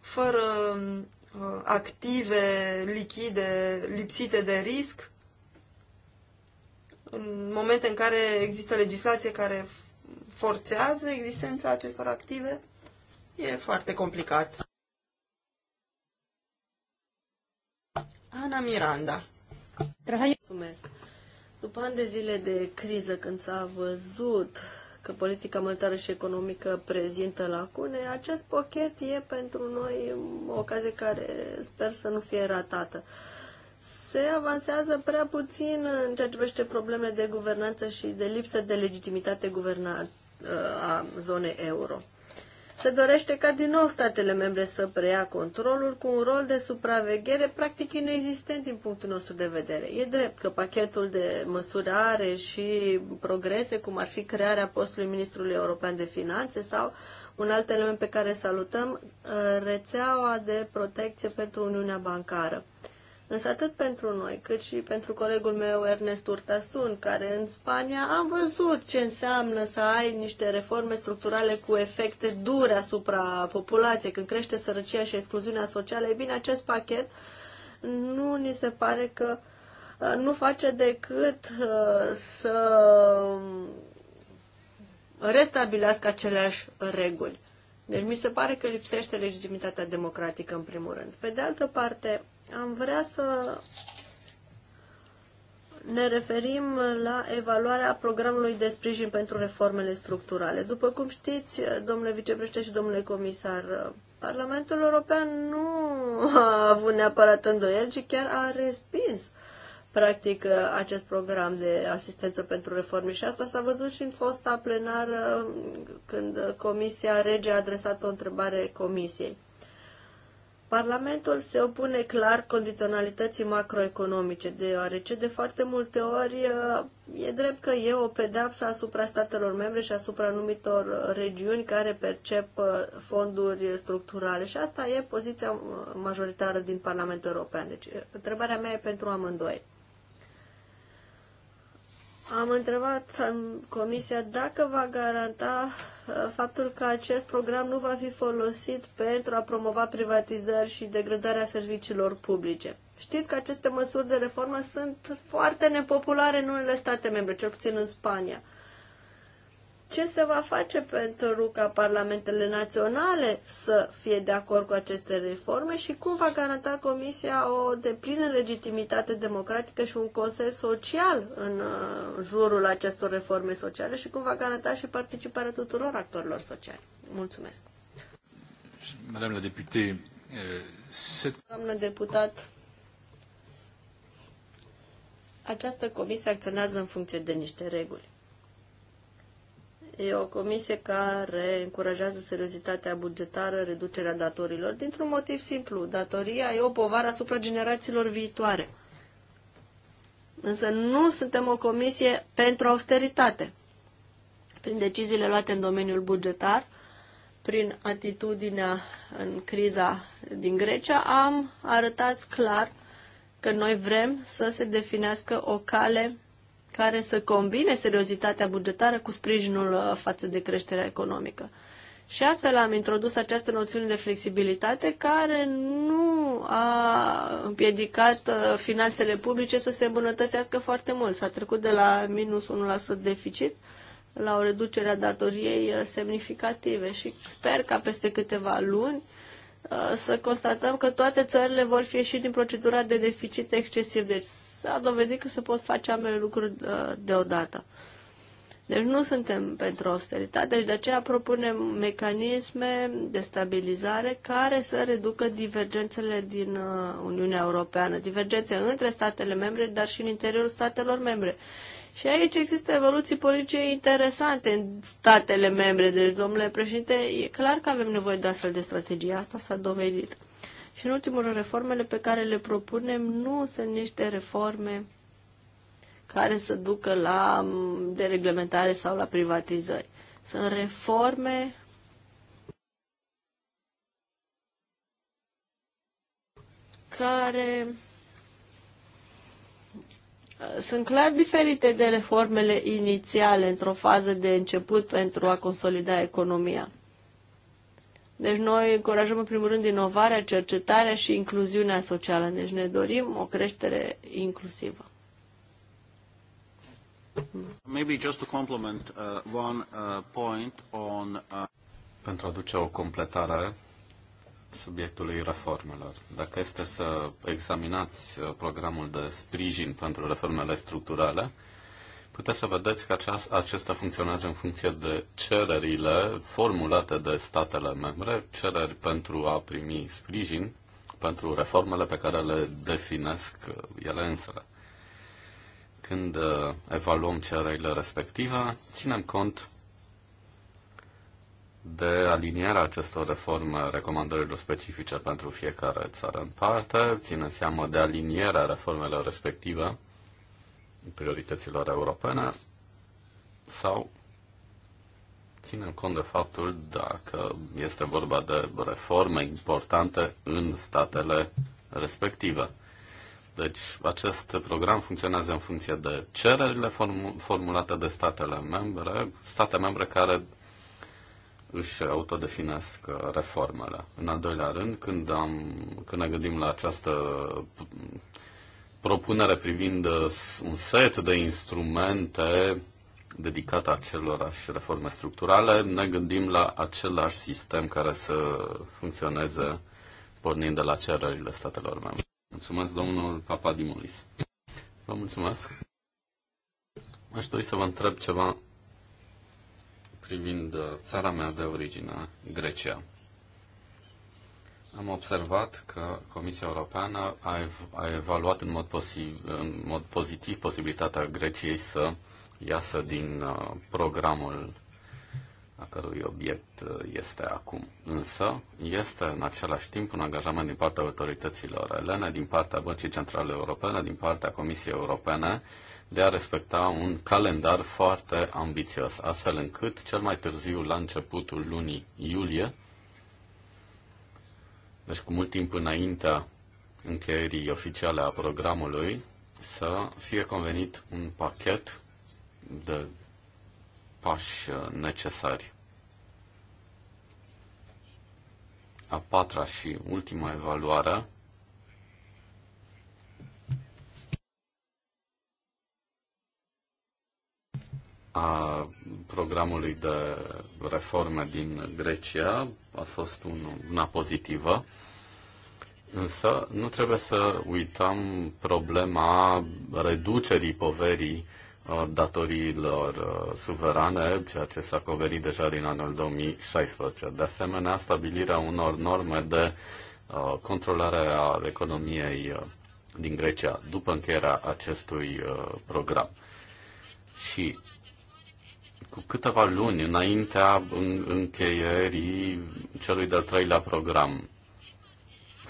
fără um, uh, active lichide lipsite de risc în momente în care există legislație care forțează existența acestor active, e foarte complicat. Ana Miranda. Mulțumesc. După ani de zile de criză, când s-a văzut că politica monetară și economică prezintă lacune, acest pochet e pentru noi o ocazie care sper să nu fie ratată. Se avansează prea puțin în ceea ce privește problemele de guvernanță și de lipsă de legitimitate guverna- a zonei euro. Se dorește ca din nou statele membre să preia controlul cu un rol de supraveghere practic inexistent din punctul nostru de vedere. E drept că pachetul de măsuri are și progrese, cum ar fi crearea postului Ministrului European de Finanțe sau un alt element pe care salutăm, rețeaua de protecție pentru Uniunea Bancară. Însă atât pentru noi, cât și pentru colegul meu Ernest Urtasun, care în Spania am văzut ce înseamnă să ai niște reforme structurale cu efecte dure asupra populației, când crește sărăcia și excluziunea socială, e bine, acest pachet nu ni se pare că uh, nu face decât uh, să restabilească aceleași reguli. Deci mi se pare că lipsește legitimitatea democratică în primul rând. Pe de altă parte, am vrea să ne referim la evaluarea programului de sprijin pentru reformele structurale. După cum știți, domnule vicepreședinte și domnule comisar, Parlamentul European nu a avut neapărat îndoieli, ci chiar a respins practic acest program de asistență pentru reforme și asta s-a văzut și în fosta plenară când Comisia Rege a adresat o întrebare Comisiei. Parlamentul se opune clar condiționalității macroeconomice, deoarece de foarte multe ori uh, e drept că e o pedeapsă asupra statelor membre și asupra anumitor uh, regiuni care percep uh, fonduri structurale. Și asta e poziția majoritară din Parlamentul European. Deci, întrebarea mea e pentru amândoi. Am întrebat Comisia dacă va garanta Uh, faptul că acest program nu va fi folosit pentru a promova privatizări și degradarea serviciilor publice. Știți că aceste măsuri de reformă sunt foarte nepopulare în unele state membre, cel puțin în Spania ce se va face pentru ca parlamentele naționale să fie de acord cu aceste reforme și cum va garanta Comisia o deplină legitimitate democratică și un consens social în uh, jurul acestor reforme sociale și cum va garanta și participarea tuturor actorilor sociali. Mulțumesc. Madame la députée, uh, Doamnă deputat, această comisie acționează în funcție de niște reguli. E o comisie care încurajează seriozitatea bugetară, reducerea datorilor, dintr-un motiv simplu. Datoria e o povară asupra generațiilor viitoare. Însă nu suntem o comisie pentru austeritate. Prin deciziile luate în domeniul bugetar, prin atitudinea în criza din Grecia, am arătat clar că noi vrem să se definească o cale care să combine seriozitatea bugetară cu sprijinul uh, față de creșterea economică. Și astfel am introdus această noțiune de flexibilitate care nu a împiedicat uh, finanțele publice să se îmbunătățească foarte mult. S-a trecut de la minus 1% deficit la o reducere a datoriei uh, semnificative și sper ca peste câteva luni să constatăm că toate țările vor fi ieși din procedura de deficit excesiv. Deci s-a dovedit că se pot face ambele lucruri uh, deodată. Deci nu suntem pentru austeritate, deci de aceea propunem mecanisme de stabilizare care să reducă divergențele din uh, Uniunea Europeană, divergențe între statele membre, dar și în interiorul statelor membre. Și aici există evoluții politice interesante în statele membre, deci, domnule președinte, e clar că avem nevoie de astfel de strategie, asta s-a dovedit. Și în ultimul rând, reformele pe care le propunem nu sunt niște reforme care să ducă la mm, dereglementare sau la privatizări. Sunt reforme care uh, sunt clar diferite de reformele inițiale într-o fază de început pentru a consolida economia. Deci noi încurajăm în primul rând inovarea, cercetarea și incluziunea socială. Deci ne dorim o creștere inclusivă. Maybe just to complement uh, one uh, point on uh... pentru a aduce o completare subiectului reformelor. Dacă este să examinați uh, programul de sprijin pentru reformele structurale, puteți să vedeți că aceasta, acesta funcționează în funcție de cererile formulate de statele membre, cereri pentru a primi sprijin pentru reformele pe care le definesc uh, ele însele. Când uh, evaluăm cererile respective, ținem cont de alinierea acestor reforme recomandărilor specifice pentru fiecare țară în parte, Ținem seama de alinierea reformelor respective priorităților europene sau ținem cont de faptul dacă este vorba de reforme importante în statele respective. Deci acest program funcționează în funcție de cererile formulate de statele membre, state membre care își autodefinesc reformele. În al doilea rând, când, am, când ne gândim la această propunere privind uh, un set de instrumente dedicat acelorași reforme structurale, ne gândim la același sistem care să funcționeze pornind de la cererile statelor membre. Mulțumesc, domnul Papadimulis. Vă mulțumesc. Aș dori să vă întreb ceva privind uh, țara mea de origine, Grecia. Am observat că Comisia Europeană a, ev- a evaluat în mod, posi- în mod pozitiv posibilitatea Greciei să iasă din uh, programul a cărui obiect uh, este acum. Însă, este în același timp un angajament din partea autorităților elene, din partea Băncii Centrale Europene, din partea Comisiei Europene, de a respecta un calendar foarte ambițios, astfel încât cel mai târziu, la începutul lunii iulie, deci cu mult timp înaintea încheierii oficiale a programului, să fie convenit un pachet de pași uh, necesari. A patra și ultima evaluare a programului de reforme din Grecia a fost una pozitivă Însă nu trebuie să uităm problema reducerii poverii uh, datoriilor uh, suverane, ceea ce s-a coverit deja din anul 2016. De asemenea, stabilirea unor norme de uh, controlare a economiei din Grecia după încheierea acestui program. Și cu câteva luni înaintea încheierii celui de-al treilea program,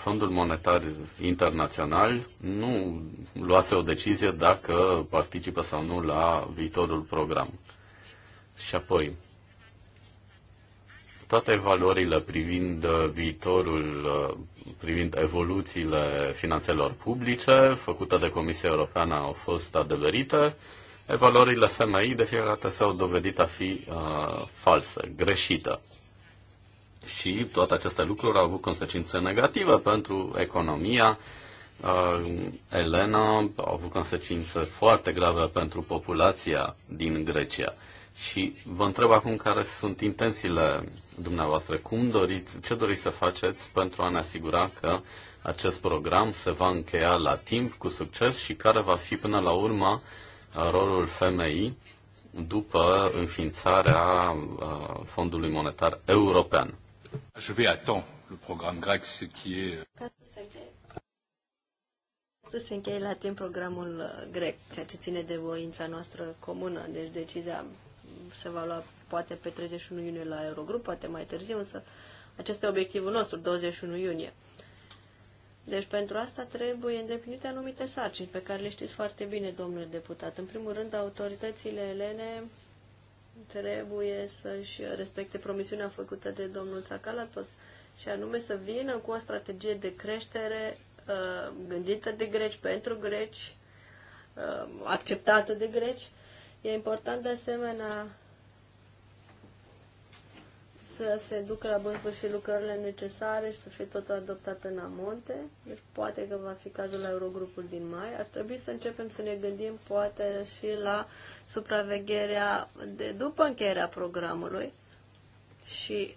Fondul Monetar Internațional nu luase o decizie dacă participă sau nu la viitorul program. Și apoi, toate valorile privind uh, viitorul, uh, privind evoluțiile finanțelor publice făcute de Comisia Europeană au fost adeverite. Evaluările FMI de fiecare dată s-au dovedit a fi uh, false, greșite. Și toate aceste lucruri au avut consecințe negative pentru economia. Uh, Elena au avut consecințe foarte grave pentru populația din Grecia. Și vă întreb acum care sunt intențiile dumneavoastră. Cum doriți, ce doriți să faceți pentru a ne asigura că acest program se va încheia la timp, cu succes și care va fi până la urmă uh, rolul femeii după înființarea uh, Fondului Monetar European. Je vais à temps le programme grec, ce qui est... Euh, să se încheie, se încheie la timp programul uh, grec, ceea ce ține de voința noastră comună. Deci decizia se va lua poate pe 31 iunie la Eurogrup, poate mai târziu, însă acesta e obiectivul nostru, 21 iunie. Deci pentru asta trebuie îndeplinite anumite sarcini pe care le știți foarte bine, domnule deputat. În primul rând, autoritățile elene trebuie să-și respecte promisiunea făcută de domnul Tsakalatos și anume să vină cu o strategie de creștere uh, gândită de greci, pentru greci, uh, acceptată de greci. E important de asemenea să se ducă la bun sfârșit lucrările necesare și să fie totul adoptat în amonte. Deci poate că va fi cazul la Eurogrupul din mai. Ar trebui să începem să ne gândim poate și la supravegherea de după încheierea programului. Și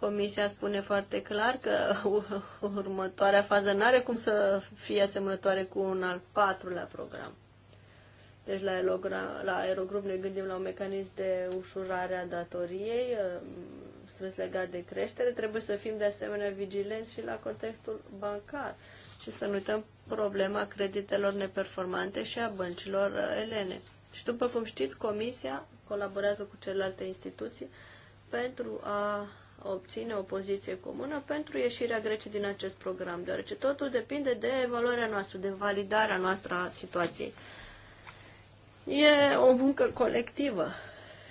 Comisia spune foarte clar că [laughs] următoarea fază nu are cum să fie asemănătoare cu un al patrulea program. Deci la, la aerogrup ne gândim la un mecanism de ușurare a datoriei, spus legat de creștere, trebuie să fim de asemenea vigilenți și la contextul bancar și să nu uităm problema creditelor neperformante și a băncilor uh, elene. Și după cum știți, Comisia colaborează cu celelalte instituții pentru a obține o poziție comună pentru ieșirea Greciei din acest program, deoarece totul depinde de evaluarea noastră, de validarea noastră a situației. E o muncă colectivă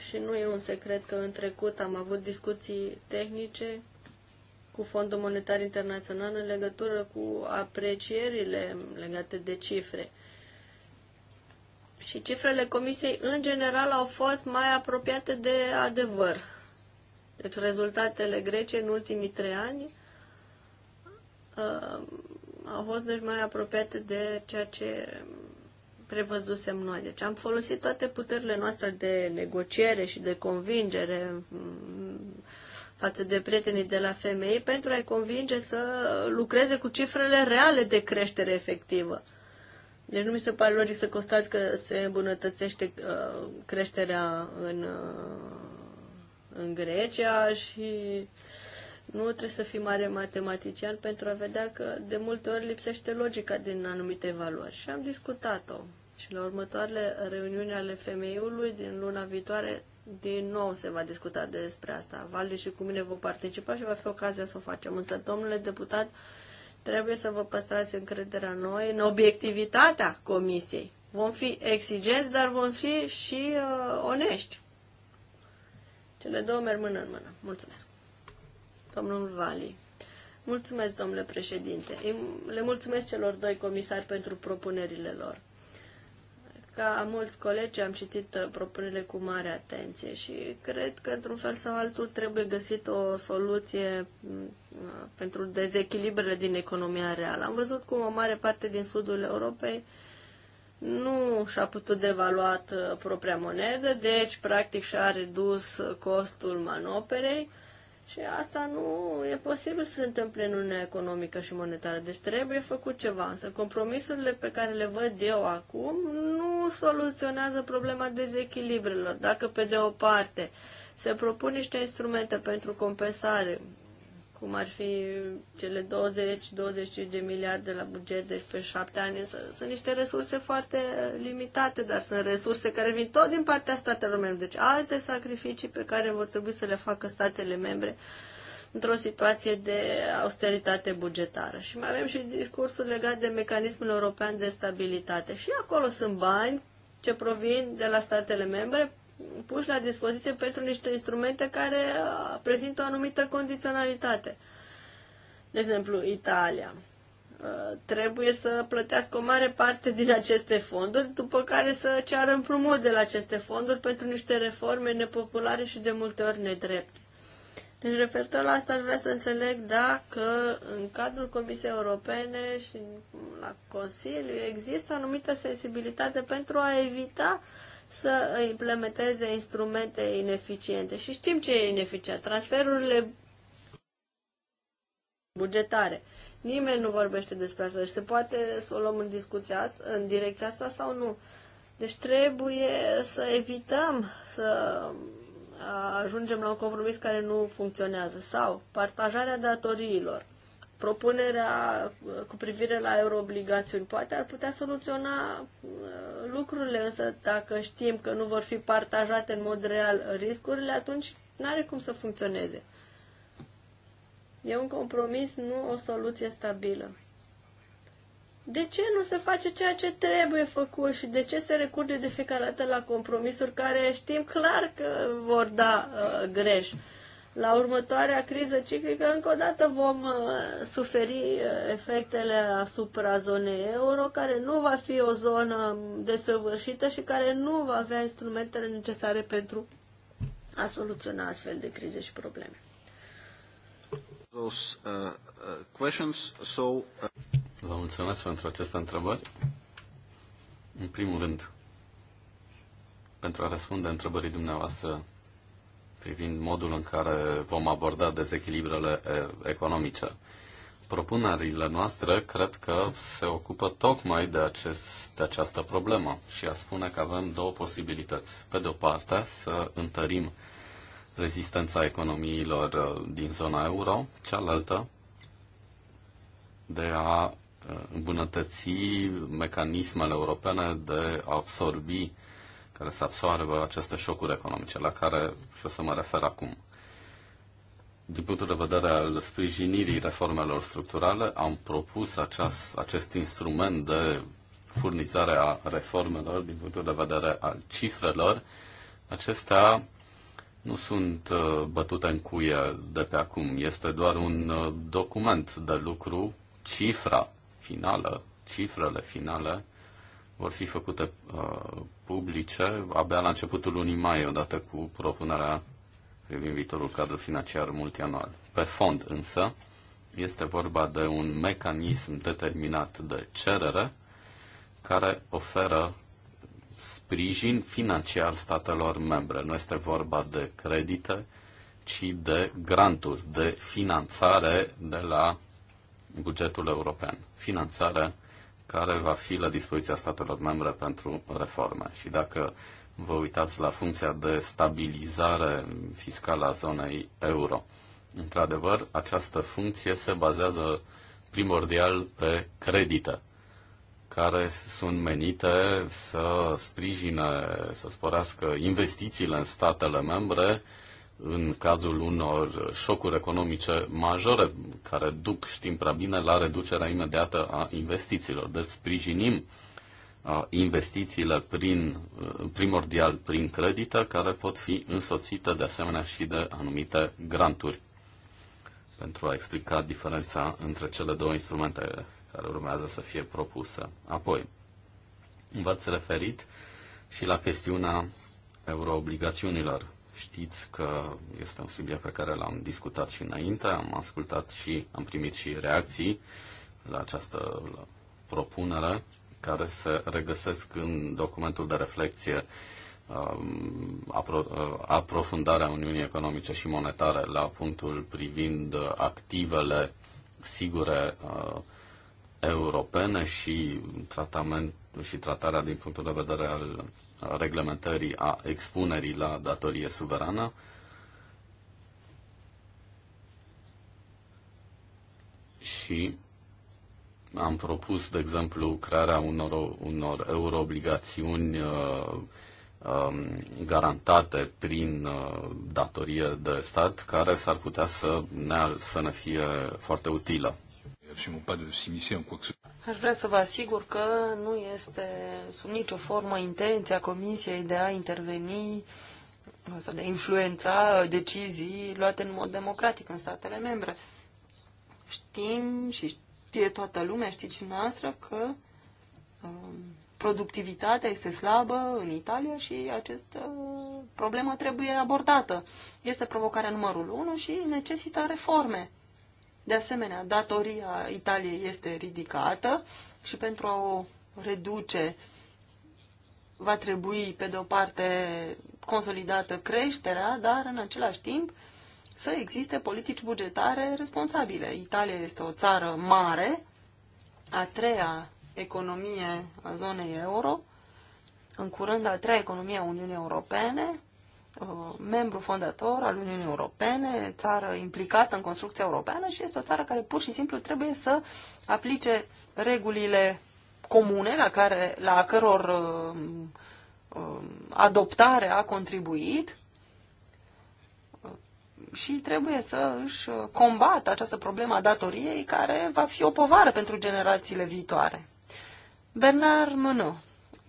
și nu e un secret că în trecut am avut discuții tehnice cu Fondul Monetar Internațional în legătură cu aprecierile legate de cifre. Și cifrele comisiei în general au fost mai apropiate de adevăr. Deci rezultatele grece în ultimii trei ani uh, au fost deci mai apropiate de ceea ce prevăzusem noi. Deci am folosit toate puterile noastre de negociere și de convingere mm, față de prietenii de la femei pentru a-i convinge să lucreze cu cifrele reale de creștere efectivă. Deci nu mi se pare logic să constați că se îmbunătățește uh, creșterea în, uh, în Grecia și nu trebuie să fii mare matematician pentru a vedea că de multe ori lipsește logica din anumite valori. Și am discutat-o și la următoarele reuniuni ale femeiului din luna viitoare, din nou se va discuta despre asta. Valde și cu mine vom participa și va fi ocazia să o facem. Însă, domnule deputat, trebuie să vă păstrați încrederea noi în obiectivitatea comisiei. Vom fi exigenți, dar vom fi și uh, onești. Cele două merg mână în mână. Mulțumesc. Domnul Vali. Mulțumesc, domnule președinte. Le mulțumesc celor doi comisari pentru propunerile lor. Ca mulți colegi am citit uh, propunerile cu mare atenție și cred că într-un fel sau altul trebuie găsit o soluție mm, uh, pentru dezechilibrele din economia reală. Am văzut cum o mare parte din sudul Europei nu și-a putut devaluat uh, propria monedă, deci practic și-a redus costul manoperei și asta nu e posibil să se întâmple în Uniunea Economică și Monetară. Deci trebuie făcut ceva. Însă compromisurile pe care le văd eu acum nu soluționează problema dezechilibrelor. Dacă pe de o parte se propun niște instrumente pentru compensare cum ar fi cele 20-25 de miliarde la buget, de deci pe șapte ani, sunt niște resurse foarte uh, limitate, dar sunt resurse care vin tot din partea statelor membre. Deci alte sacrificii pe care vor trebui să le facă statele membre într-o situație de austeritate bugetară. Și mai avem și discursul legat de mecanismul european de stabilitate. Și acolo sunt bani ce provin de la statele membre puși la dispoziție pentru niște instrumente care uh, prezintă o anumită condiționalitate. De exemplu, Italia uh, trebuie să plătească o mare parte din aceste fonduri, după care să ceară împrumut de la aceste fonduri pentru niște reforme nepopulare și de multe ori nedrepte. Deci, referitor la asta, aș vrea să înțeleg dacă în cadrul Comisiei Europene și la Consiliu există anumită sensibilitate pentru a evita uh, să implementeze instrumente ineficiente. Și știm ce e ineficient. Transferurile bugetare. Nimeni nu vorbește despre asta. Deci se poate să o luăm în discuția asta, în direcția asta sau nu. Deci trebuie să evităm să ajungem la un compromis care nu funcționează. Sau partajarea datoriilor propunerea uh, cu privire la euroobligațiuni. Poate ar putea soluționa uh, lucrurile, însă dacă știm că nu vor fi partajate în mod real riscurile, atunci nu are cum să funcționeze. E un compromis, nu o soluție stabilă. De ce nu se face ceea ce trebuie făcut și de ce se recurge de fiecare dată la compromisuri care știm clar că vor da uh, greș? la următoarea criză ciclică încă o dată vom uh, suferi uh, efectele asupra zonei euro, care nu va fi o zonă desăvârșită și care nu va avea instrumentele necesare pentru a soluționa astfel de crize și probleme. Those, uh, uh questions, so, uh... Vă mulțumesc pentru aceste întrebări. În primul rând, pentru a răspunde întrebării dumneavoastră privind modul în care vom aborda dezechilibrele economice. Propunerile noastre cred că se ocupă tocmai de, acest, de această problemă și a spune că avem două posibilități. Pe de o parte, să întărim rezistența economiilor din zona euro, cealaltă de a îmbunătăți mecanismele europene de a absorbi care se absoarbă aceste șocuri economice, la care și o să mă refer acum. Din punctul de vedere al sprijinirii reformelor structurale, am propus aceast, acest instrument de furnizare a reformelor din punctul de vedere al cifrelor. Acestea nu sunt uh, bătute în cuie de pe acum. Este doar un uh, document de lucru, cifra finală, cifrele finale vor fi făcute uh, publice abia la începutul lunii mai, odată cu propunerea privind viitorul cadru financiar multianual. Pe fond însă, este vorba de un mecanism determinat de cerere care oferă sprijin financiar statelor membre. Nu este vorba de credite, ci de granturi, de finanțare de la bugetul european. Finanțare care va fi la dispoziția statelor membre pentru reforme. Și dacă vă uitați la funcția de stabilizare fiscală a zonei euro, într-adevăr, această funcție se bazează primordial pe credite care sunt menite să sprijine, să sporească investițiile în statele membre în cazul unor șocuri economice majore care duc, știm prea bine, la reducerea imediată a investițiilor. Deci sprijinim investițiile prin, primordial prin credită, care pot fi însoțite de asemenea și de anumite granturi. Pentru a explica diferența între cele două instrumente care urmează să fie propuse. Apoi, v-ați referit și la chestiunea euroobligațiunilor Știți că este un subiect pe care l-am discutat și înainte, am ascultat și am primit și reacții la această propunere care se regăsesc în documentul de reflexie um, uh, aprofundarea Uniunii Economice și Monetare la punctul privind activele sigure uh, europene și tratament și tratarea din punctul de vedere al reglementării a expunerii la datorie suverană. Și am propus, de exemplu, crearea unor, unor euroobligațiuni uh, um, garantate prin uh, datorie de stat, care s-ar putea să ne, să ne fie foarte utilă Aș vrea să vă asigur că nu este sub nicio formă intenția Comisiei de a interveni sau de a influența decizii luate în mod democratic în statele membre. Știm și știe toată lumea, știți și noastră, că um, productivitatea este slabă în Italia și această uh, problemă trebuie abordată. Este provocarea numărul 1 și necesită reforme. De asemenea, datoria Italiei este ridicată și pentru a o reduce va trebui, pe de o parte, consolidată creșterea, dar în același timp să existe politici bugetare responsabile. Italia este o țară mare, a treia economie a zonei euro, în curând a treia economie a Uniunii Europene, Uh, membru fondator al Uniunii Europene, țară implicată în construcția europeană și este o țară care pur și simplu trebuie să aplice regulile comune la, care, la căror uh, uh, adoptare a contribuit și trebuie să își combată această problemă a datoriei care va fi o povară pentru generațiile viitoare. Bernard Monod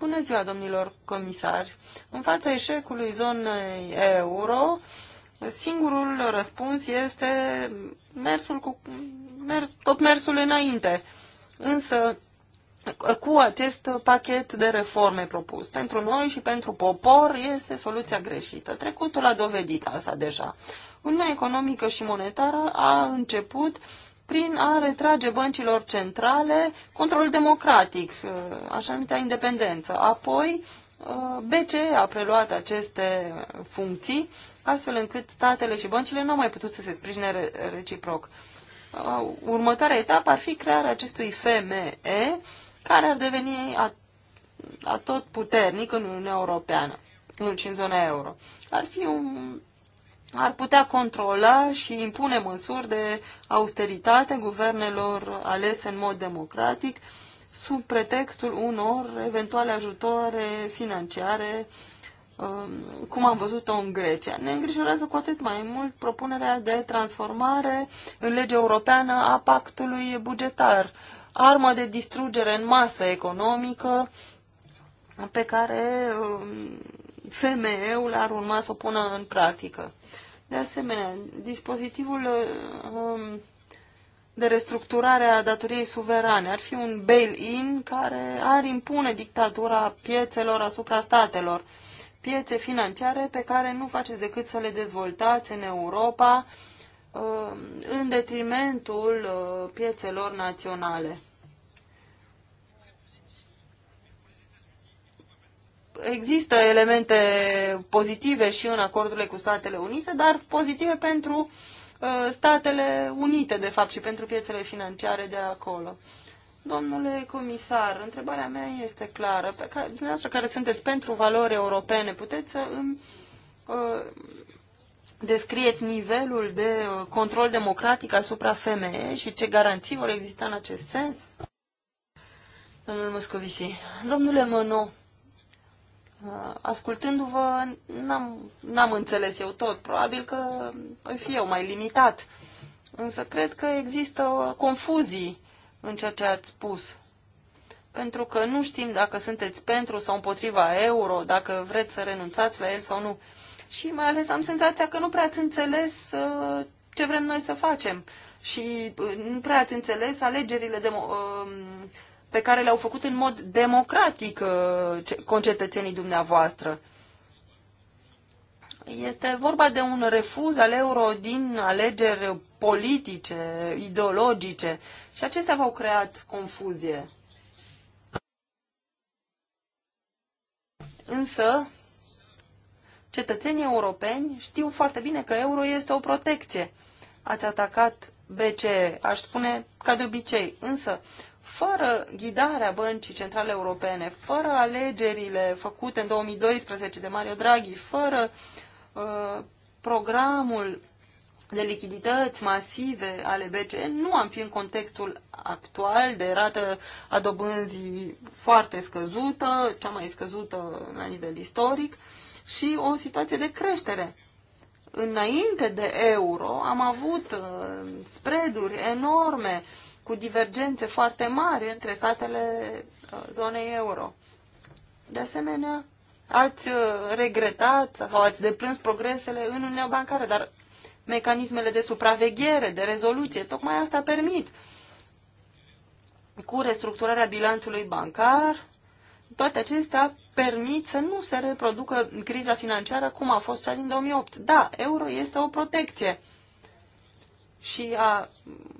Bună ziua, domnilor comisari! În fața eșecului zonei euro, singurul răspuns este mersul cu, mer, tot mersul înainte. Însă, cu acest pachet de reforme propus pentru noi și pentru popor este soluția greșită. Trecutul a dovedit asta deja. Uniunea economică și monetară a început uh, prin a retrage băncilor centrale controlul democratic, uh, așa numită independență. Apoi, uh, BCE a preluat aceste funcții, astfel încât statele și băncile nu au mai putut să se sprijine reciproc. Uh, următoarea etapă ar fi crearea acestui FME, care ar deveni atot puternic în Uniunea Europeană, nu, și în zona euro. Ar fi un ar putea controla și impune măsuri de austeritate guvernelor alese în mod democratic sub pretextul unor eventuale ajutoare financiare, um, cum am văzut-o în Grecia. Ne îngrijorează cu atât mai mult propunerea de transformare în lege europeană a pactului bugetar, armă de distrugere în masă economică pe care um, FME-ul ar urma să o pună în practică. De asemenea, dispozitivul um, de restructurare a datoriei suverane ar fi un bail-in care ar impune dictatura piețelor asupra statelor. Piețe financiare pe care nu faceți decât să le dezvoltați în Europa um, în detrimentul uh, piețelor naționale. există elemente pozitive și în acordurile cu Statele Unite, dar pozitive pentru uh, Statele Unite, de fapt, și pentru piețele financiare de acolo. Domnule comisar, întrebarea mea este clară. Pe care, dumneavoastră care sunteți pentru valori europene, puteți să îmi uh, descrieți nivelul de uh, control democratic asupra femeie și ce garanții vor exista în acest sens? Domnul Moscovici. Domnule Mănou, Uh, ascultându-vă, n-am, n-am înțeles eu tot. Probabil că voi fi eu mai limitat. Însă cred că există confuzii în ceea ce ați spus. Pentru că nu știm dacă sunteți pentru sau împotriva euro, dacă vreți să renunțați la el sau nu. Și mai ales am senzația că nu prea ați înțeles uh, ce vrem noi să facem. Și uh, nu prea ați înțeles alegerile de pe care le-au făcut în mod democratic uh, concetățenii dumneavoastră. Este vorba de un refuz al euro din alegeri politice, ideologice și acestea v-au creat confuzie. Însă, cetățenii europeni știu foarte bine că euro este o protecție. Ați atacat BCE, aș spune, ca de obicei, însă fără ghidarea Băncii Centrale Europene, fără alegerile făcute în 2012 de Mario Draghi, fără uh, programul de lichidități masive ale BCE, nu am fi în contextul actual de rată a dobânzii foarte scăzută, cea mai scăzută la nivel istoric, și o situație de creștere. Înainte de euro am avut uh, spreaduri enorme uh, cu divergențe foarte mari între statele uh, zonei euro. De asemenea, ați uh, regretat sau ați deplâns progresele în Uniunea Bancară, dar mecanismele de supraveghere, de rezoluție, tocmai asta permit. Cu restructurarea bilanțului bancar, toate acestea permit să nu se reproducă criza financiară cum a fost cea din 2008. Da, euro este o protecție și a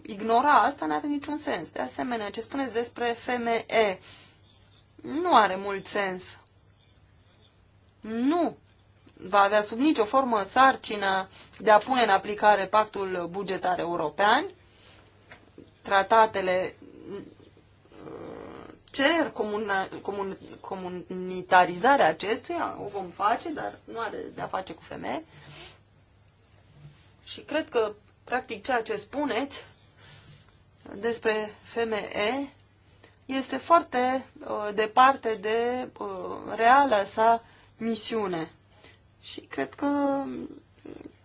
ignora asta nu are niciun sens. De asemenea, ce spuneți despre FME nu are mult sens. Nu va avea sub nicio formă sarcina de a pune în aplicare pactul bugetar european. Tratatele uh, cer comuna, comun, comunitarizarea acestuia, o vom face, dar nu are de a face cu femeie. Și cred că Practic, ceea ce spuneți despre FME este foarte uh, departe de uh, reala sa misiune. Și cred că,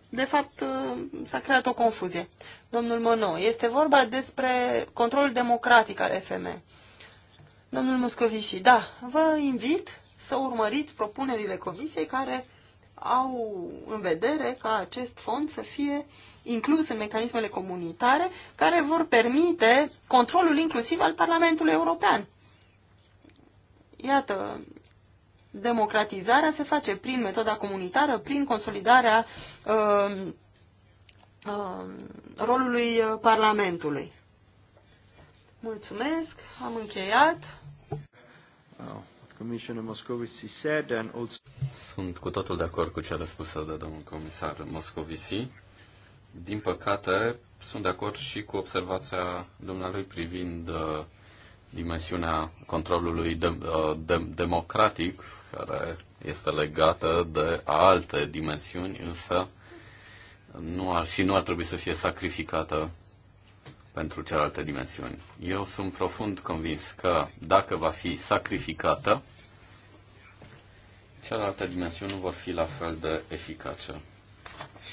de fapt, uh, s-a creat o confuzie. Domnul Mono, este vorba despre controlul democratic al FME. Domnul Moscovici, da, vă invit să urmăriți propunerile comisiei care au în vedere ca acest fond să fie inclus în mecanismele comunitare care vor permite controlul inclusiv al Parlamentului European. Iată, democratizarea se face prin metoda comunitară, prin consolidarea um, um, uh, uh, rolului Parlamentului. Mulțumesc, am încheiat. Oh, Moscovici Sunt cu totul de acord cu ce a spus de domnul comisar Moscovici din păcate, sunt de acord și cu observația dumnealui privind uh, dimensiunea controlului de, uh, de, democratic, care este legată de alte dimensiuni, însă nu ar, și nu ar trebui să fie sacrificată pentru celelalte dimensiuni. Eu sunt profund convins că dacă va fi sacrificată, celelalte dimensiuni nu vor fi la fel de eficace.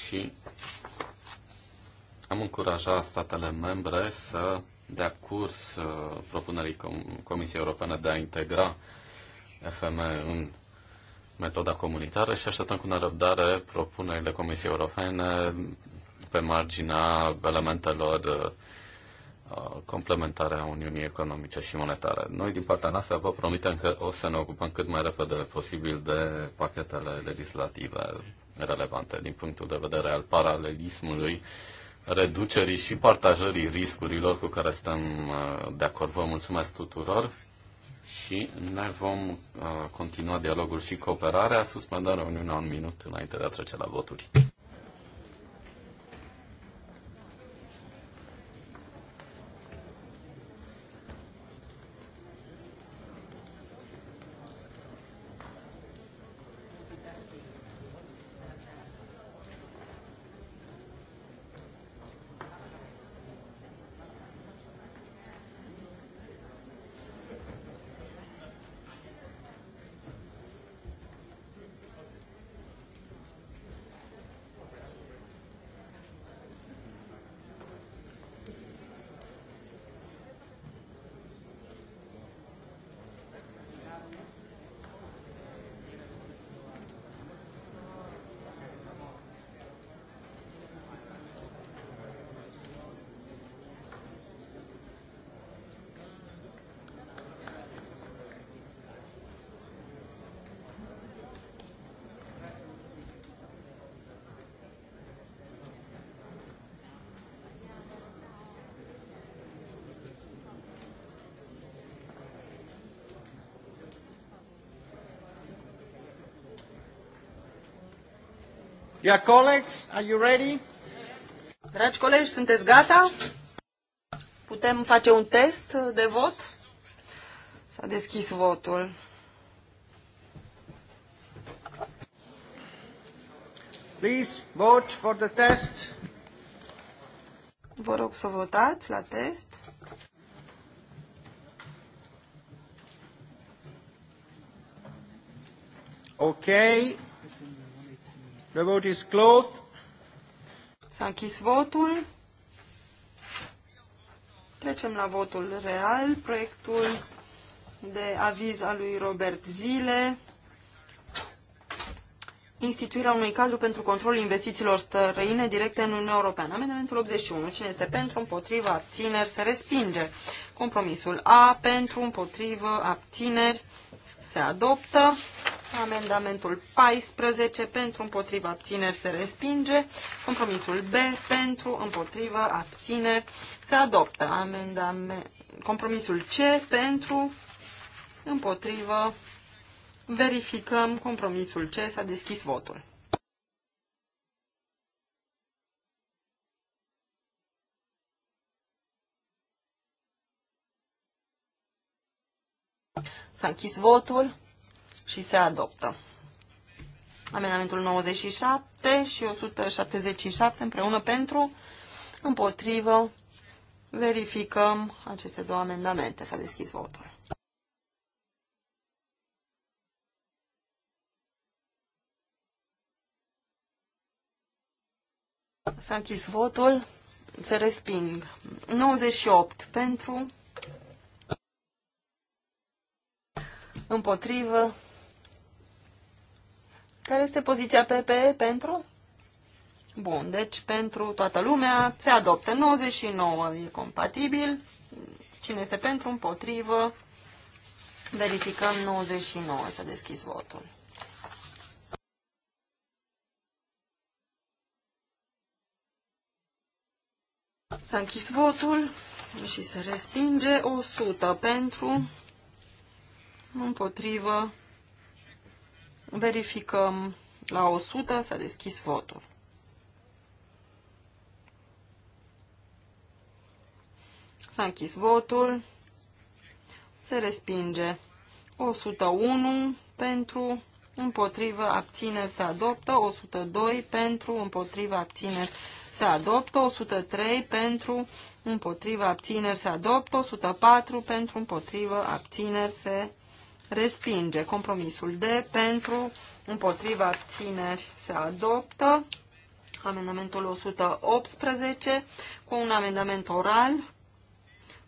Și am încurajat statele membre să dea curs uh, propunerii Comisiei Europene de a integra FM în metoda comunitară și așteptăm cu nerăbdare propunerile Comisiei Europene pe marginea elementelor uh, complementare a Uniunii Economice și Monetare. Noi, din partea noastră, vă promitem că o să ne ocupăm cât mai repede posibil de pachetele legislative relevante din punctul de vedere al paralelismului reducerii și partajării riscurilor cu care suntem uh, de acord. Vă mulțumesc tuturor și ne vom uh, continua dialogul și cooperarea. Suspendarea Uniunea un minut înainte de a trece la voturi. Yeah, colleagues, are you ready? Dragi colegi, sunteți gata? Putem face un test de vot? S-a deschis votul. Please vote for the test. Vă rog să votați la test. Okay. The vote is closed. S-a închis votul. Trecem la votul real. Proiectul de aviz al lui Robert Zile. Instituirea unui cadru pentru controlul investițiilor străine directe în Uniunea Europeană. Amendamentul 81. Cine este pentru, împotrivă, abțineri, se respinge. Compromisul A. Pentru, împotrivă, abțineri, se adoptă. Amendamentul 14 pentru împotriva abțineri se respinge. Compromisul B pentru împotriva abțineri se adoptă. Amendament... Compromisul C pentru împotriva Verificăm compromisul C. S-a deschis votul. S-a închis votul și se adoptă. Amendamentul 97 și 177 împreună pentru, împotrivă, verificăm aceste două amendamente. S-a deschis votul. S-a închis votul. Se resping. 98 pentru. Împotrivă. Care este poziția PPE pentru? Bun, deci pentru toată lumea se adoptă 99, e compatibil. Cine este pentru, împotrivă, verificăm 99, să deschis votul. S-a închis votul și se respinge 100 pentru, împotrivă, Verificăm la 100, s-a deschis votul. S-a închis votul. Se respinge 101 pentru, împotrivă, abțineri, se adoptă, 102 pentru, împotrivă, abțineri, se adoptă, 103 pentru, împotrivă, abțineri, se adoptă, 104 pentru, împotrivă, abțineri, se adoptă respinge. Compromisul D pentru, împotriva abțineri se adoptă. Amendamentul 118 cu un amendament oral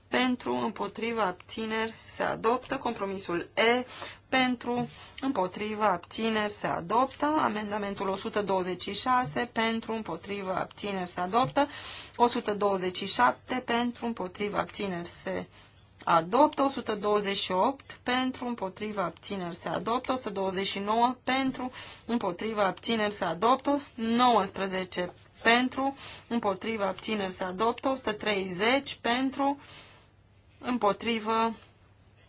pentru, împotriva abțineri se adoptă. Compromisul E pentru, împotriva abțineri se adoptă. Amendamentul 126 pentru, împotriva abțineri se adoptă. 127 pentru, împotriva abțineri se adoptă adoptă, 128 pentru, împotriva abțineri se adoptă, 129 pentru, împotriva abțineri se adoptă, 19 pentru, împotriva abțineri se adoptă, 130 pentru, împotriva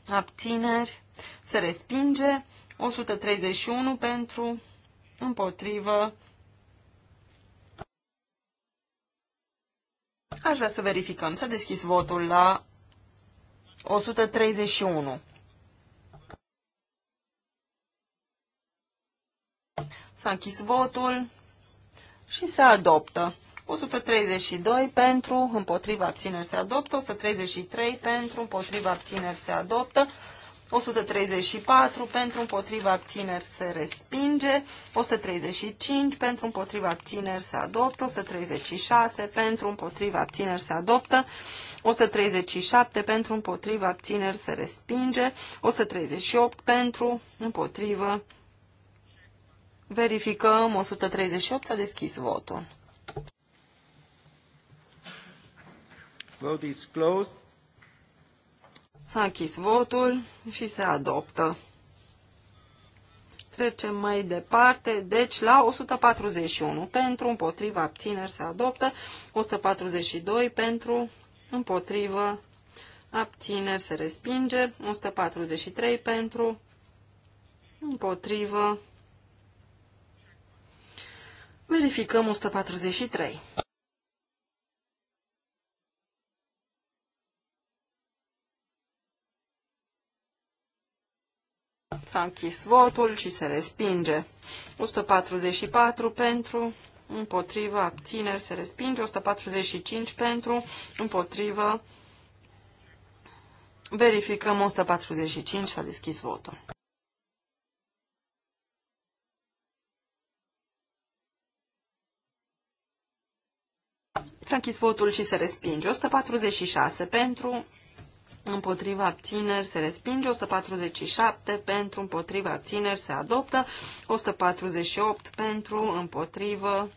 abțineri se respinge, 131 pentru, împotrivă. Aș vrea să verificăm. S-a deschis votul la 131. S-a închis votul și se adoptă. 132 pentru, împotriva abțineri se adoptă, 133 pentru, împotriva abțineri se adoptă, 134 pentru, împotriva abțineri se respinge, 135 pentru, împotriva abțineri se adoptă, 136 pentru, împotriva abțineri se adoptă, 137 pentru împotrivă, abțineri se respinge, 138 pentru împotrivă. Verificăm, 138 s-a deschis votul. Vote is closed. S-a închis votul și se adoptă. Trecem mai departe, deci la 141 pentru, împotriva abțineri se adoptă, 142 pentru, împotrivă, abțineri se respinge, 143 pentru, împotrivă, verificăm 143. S-a închis votul și se respinge. 144 pentru, împotrivă, abțineri, se respinge, 145 pentru, împotrivă, verificăm 145, s-a deschis votul. S-a închis votul și se respinge. 146 pentru, împotriva abțineri se respinge, 147 pentru împotriva abțineri se adoptă, 148 pentru împotriva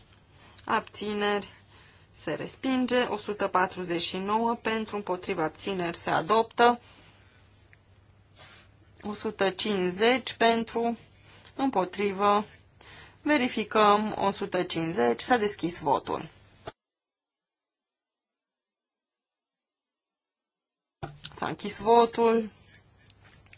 abțineri se respinge, 149 pentru împotriva abțineri se adoptă, 150 pentru împotrivă verificăm 150 s-a deschis votul. S-a închis votul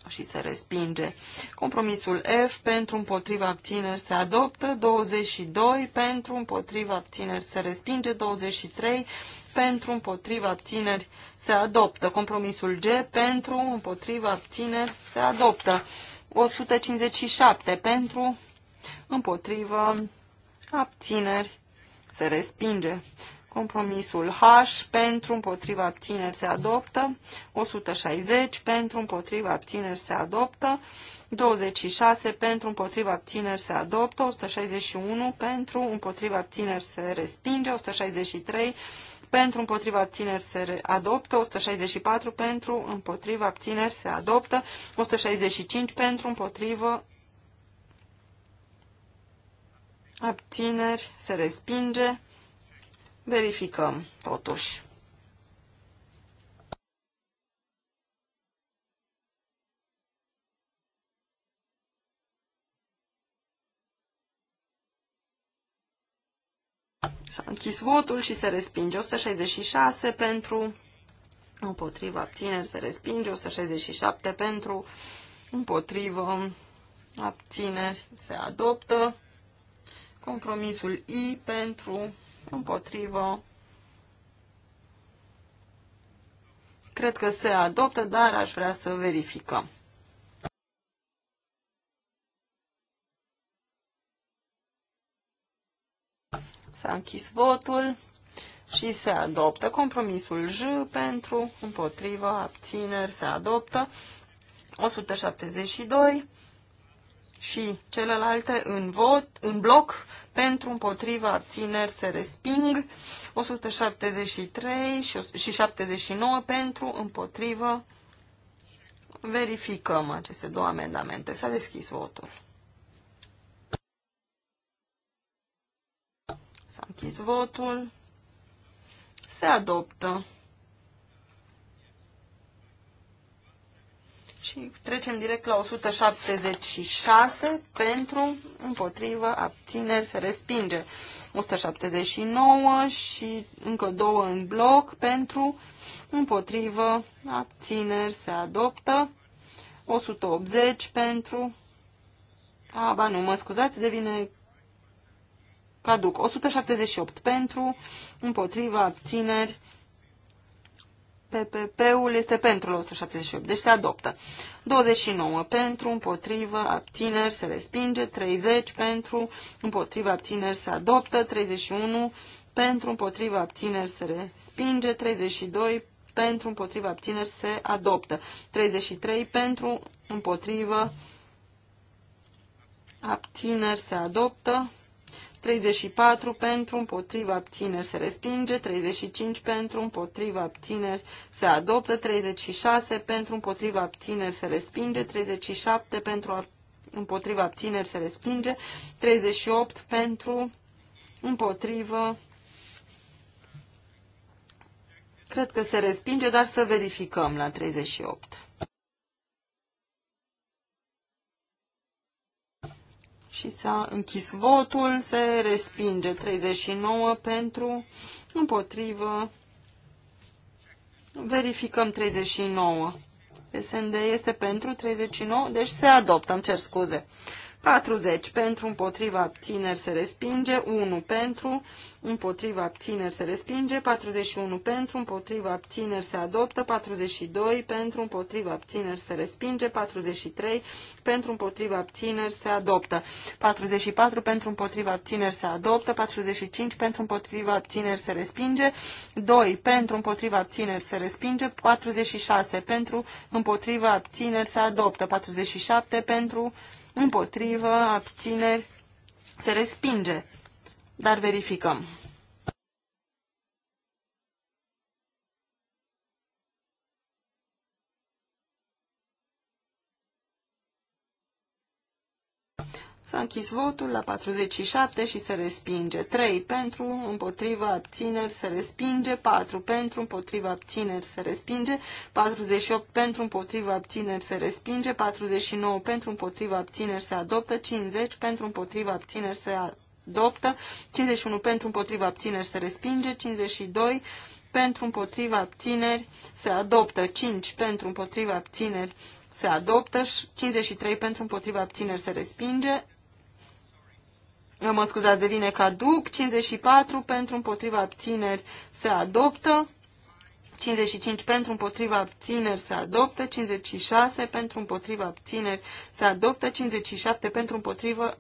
și se respinge. Compromisul F pentru împotriva abțineri se adoptă, 22 pentru împotriva abțineri se respinge, 23 pentru împotriva abțineri se adoptă. Compromisul G pentru împotriva abțineri se adoptă. 157 pentru împotriva abțineri se respinge. Compromisul H pentru împotriva abțineri se adoptă, 160 pentru împotriva abțineri se adoptă, 26 pentru împotriva abțineri se adoptă, 161 pentru împotriva abțineri se respinge, 163 pentru împotriva abțineri se adoptă, 164 pentru împotriva abțineri se adoptă, 165 pentru împotriva abțineri se respinge, Verificăm, totuși. S-a închis votul și se respinge 166 pentru, împotriva abțineri se respinge 167 pentru, împotrivă abțineri se adoptă, compromisul I pentru, împotrivă. Cred că se adoptă, dar aș vrea să verificăm. S-a închis votul și se adoptă compromisul J pentru, împotrivă, abțineri, se adoptă 172 și celelalte în vot, în bloc, pentru, împotriva, abțineri, se resping, 173 și, și 79 pentru, împotrivă, verificăm aceste două amendamente. S-a deschis votul. S-a închis votul. Se adoptă. Și trecem direct la 176 pentru, împotrivă, abțineri, se respinge. 179 și încă două în bloc pentru, împotrivă, abțineri, se adoptă. 180 pentru, a, ba nu, mă scuzați, devine caduc. 178 pentru, împotrivă, abțineri, PPP-ul este pentru la 178, deci se adoptă. 29 pentru, împotrivă, abțineri, se respinge. 30 pentru, împotrivă, abțineri, se adoptă. 31 pentru, împotrivă, abțineri, se respinge. 32 pentru, împotrivă, abțineri, se adoptă. 33 pentru, împotrivă, abțineri, se adoptă. 34 pentru, împotriva abțineri se respinge, 35 pentru, împotriva abțineri se adoptă, 36 pentru, împotriva abțineri se respinge, 37 pentru, împotriva abțineri se respinge, 38 pentru, împotrivă, cred că se respinge, dar să verificăm la 38. și s-a închis votul, se respinge 39 pentru, împotrivă, verificăm 39. SND este pentru 39, deci se adoptă, îmi cer scuze. 40 pentru, împotriva abțineri se respinge, 1 pentru, împotriva abțineri se respinge, 41 pentru, împotriva abțineri se adoptă, 42 pentru, împotriva abțineri se respinge, 43 pentru, împotriva abțineri se adoptă, 44 pentru, împotriva abțineri se adoptă, 45 pentru, împotriva abțineri se respinge, 2 pentru, împotriva abțineri se respinge, 46 pentru, împotriva abțineri se adoptă, 47 pentru, împotrivă, abțineri, se respinge. Dar verificăm. S-a închis votul la 47 și se respinge. 3 pentru, împotriva, abțineri, se respinge. 4 pentru, împotriva, abțineri, se respinge. 48 pentru, împotriva, abțineri, se respinge. 49 pentru, împotriva, abțineri, se adoptă. 50 pentru, împotriva, abțineri, se adoptă. 51 pentru, împotriva, abțineri, se respinge. 52 pentru, împotriva, abțineri, se adoptă. 5 pentru, împotriva, abțineri, se adoptă. 53 pentru, împotriva, abțineri, se respinge mă scuzați, devine caduc, 54 pentru împotriva abțineri se adoptă, 55 pentru împotriva abțineri se adoptă, 56 pentru împotriva abțineri se adoptă, 57 pentru împotriva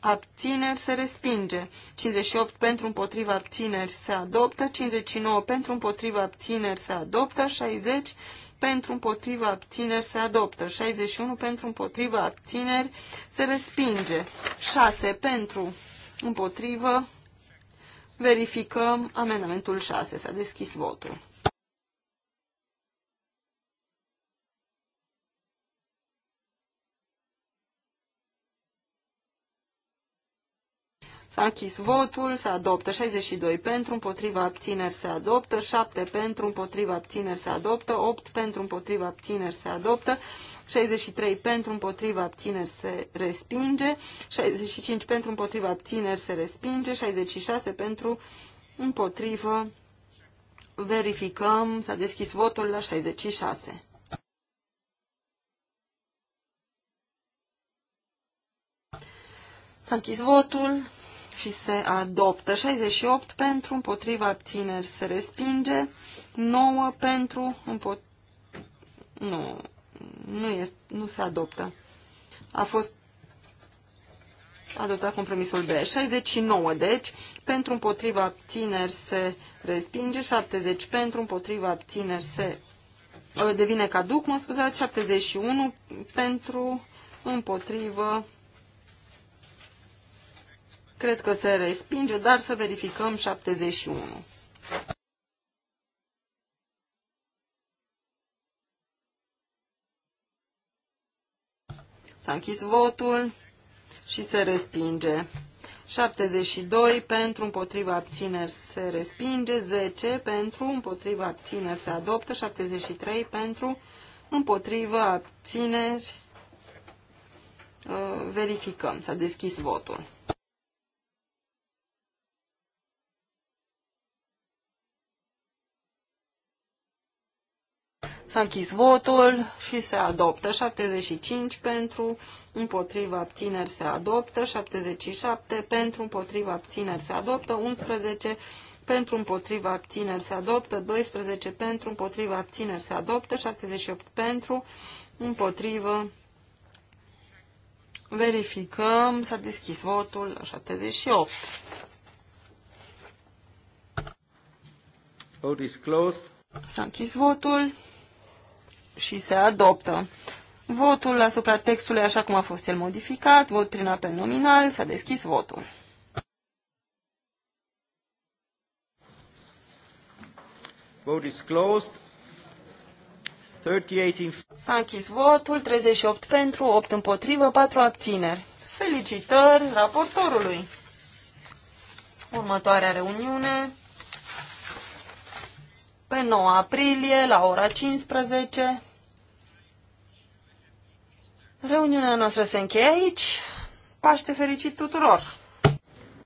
abțineri se respinge, 58 pentru împotriva abțineri se adoptă, 59 pentru împotriva abțineri se adoptă, 60 pentru împotriva abțineri se adoptă, 61 pentru împotriva abțineri se respinge, 6 pentru împotrivă verificăm amendamentul 6, s-a deschis votul. S-a închis votul, se adoptă 62 pentru, împotriva abțineri se adoptă, 7 pentru, împotriva abțineri se adoptă, 8 pentru, împotriva abțineri se adoptă, 63 pentru, împotriva abțineri se respinge, 65 pentru, împotriva abțineri se respinge, 66 pentru, împotrivă, verificăm, s-a deschis votul la 66. S-a închis votul și se adoptă. 68 pentru, împotriva abțineri se respinge. 9 pentru, împot... Nu, nu, este, nu se adoptă. A fost adoptat compromisul B. 69, deci, pentru împotriva abțineri se respinge, 70 pentru împotriva abțineri se uh, devine caduc, mă scuzați, 71 pentru împotrivă Cred că se respinge, dar să verificăm 71. S-a închis votul și se respinge. 72 pentru împotriva abțineri se respinge, 10 pentru împotriva abțineri se adoptă, 73 pentru împotriva abțineri uh, verificăm. S-a deschis votul. S-a închis votul și se adoptă 75 pentru, împotriva abțineri se adoptă, 77 pentru, împotriva abțineri se adoptă, 11 pentru, împotriva abțineri se adoptă, 12 pentru, împotriva abțineri se adoptă, 78 pentru, împotrivă. Verificăm, s-a deschis votul la 78. Vote is closed. S-a închis votul și se adoptă. Votul asupra textului așa cum a fost el modificat, vot prin apel nominal, s-a deschis votul. Vote is closed. 38 S-a închis votul, 38 pentru, 8 împotrivă, 4 abțineri. Felicitări raportorului! Următoarea reuniune pe 9 aprilie la ora 15 Reuniunea noastră se încheie aici. Paște fericit tuturor!